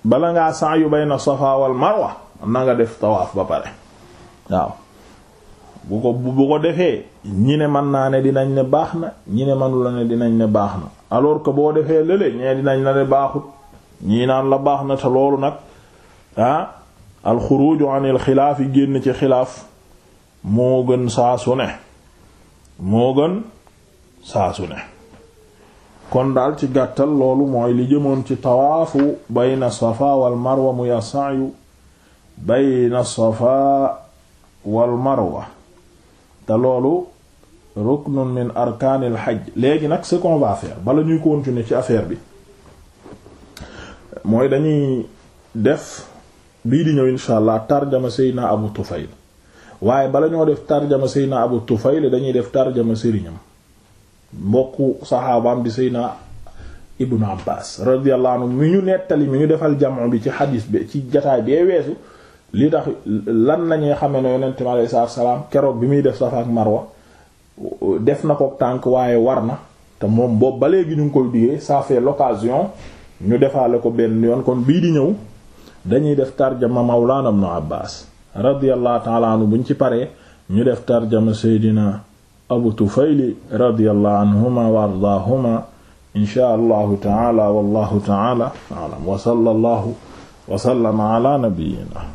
bala ngaa sa'yu bayna safa wal marwa na def tawaaf ba pare waaw bu ko bu ko defee ñi ne mën naa ne dinañ ne baax na ñi ne mënu la ne dinañ ne baax na alors que boo defee lële ñee dinañ la ne baaxut ñii naan la baax na te loolu nag ah alxuruju anil xilaaf yi génn ci xilaaf moo gën saa su ne moo gën saa su ne kon daal ci gàttal loolu mooy li jëmoon ci tawaafu bayna safa wal marwa muy asaayu bayna safa wal marwa te loolu ruknun min arkaanil hajj léegi nag ce qu'on bala ñuy kontinu ci affaire bi mooy dañuy def bii di ñëw insha allah tarjama seydna abu tufayl waaye bala ñoo def tarjama seydna abu tufayl dañuy def tarjama sëriñam mbokku saxaabaam di seydna ibnu abbas radiyallahu anhu mi ñu nettali mi ñu defal jamono bi ci xadiis bi ci jataay bee weesu li tax lan lañuy xamee ne yonent mi alayhi salaam keroog bi muy def Safa ak Marwa def na ko tànk waaye war na te moom boobu ba léegi ñu ngi koy digee ça fait ñu defaale ko benn yoon kon bii di ñëw dañuy def tarjama Mawlana Ibn Abbas radiyallahu ta'ala buñ ci paree ñu def tarjama Seydina Abu Tufayli radiyallahu wa ardaahuma insha allahu ta'ala wallahu ta'ala a'lam wa sallallahu wa sallama ala nabiyyina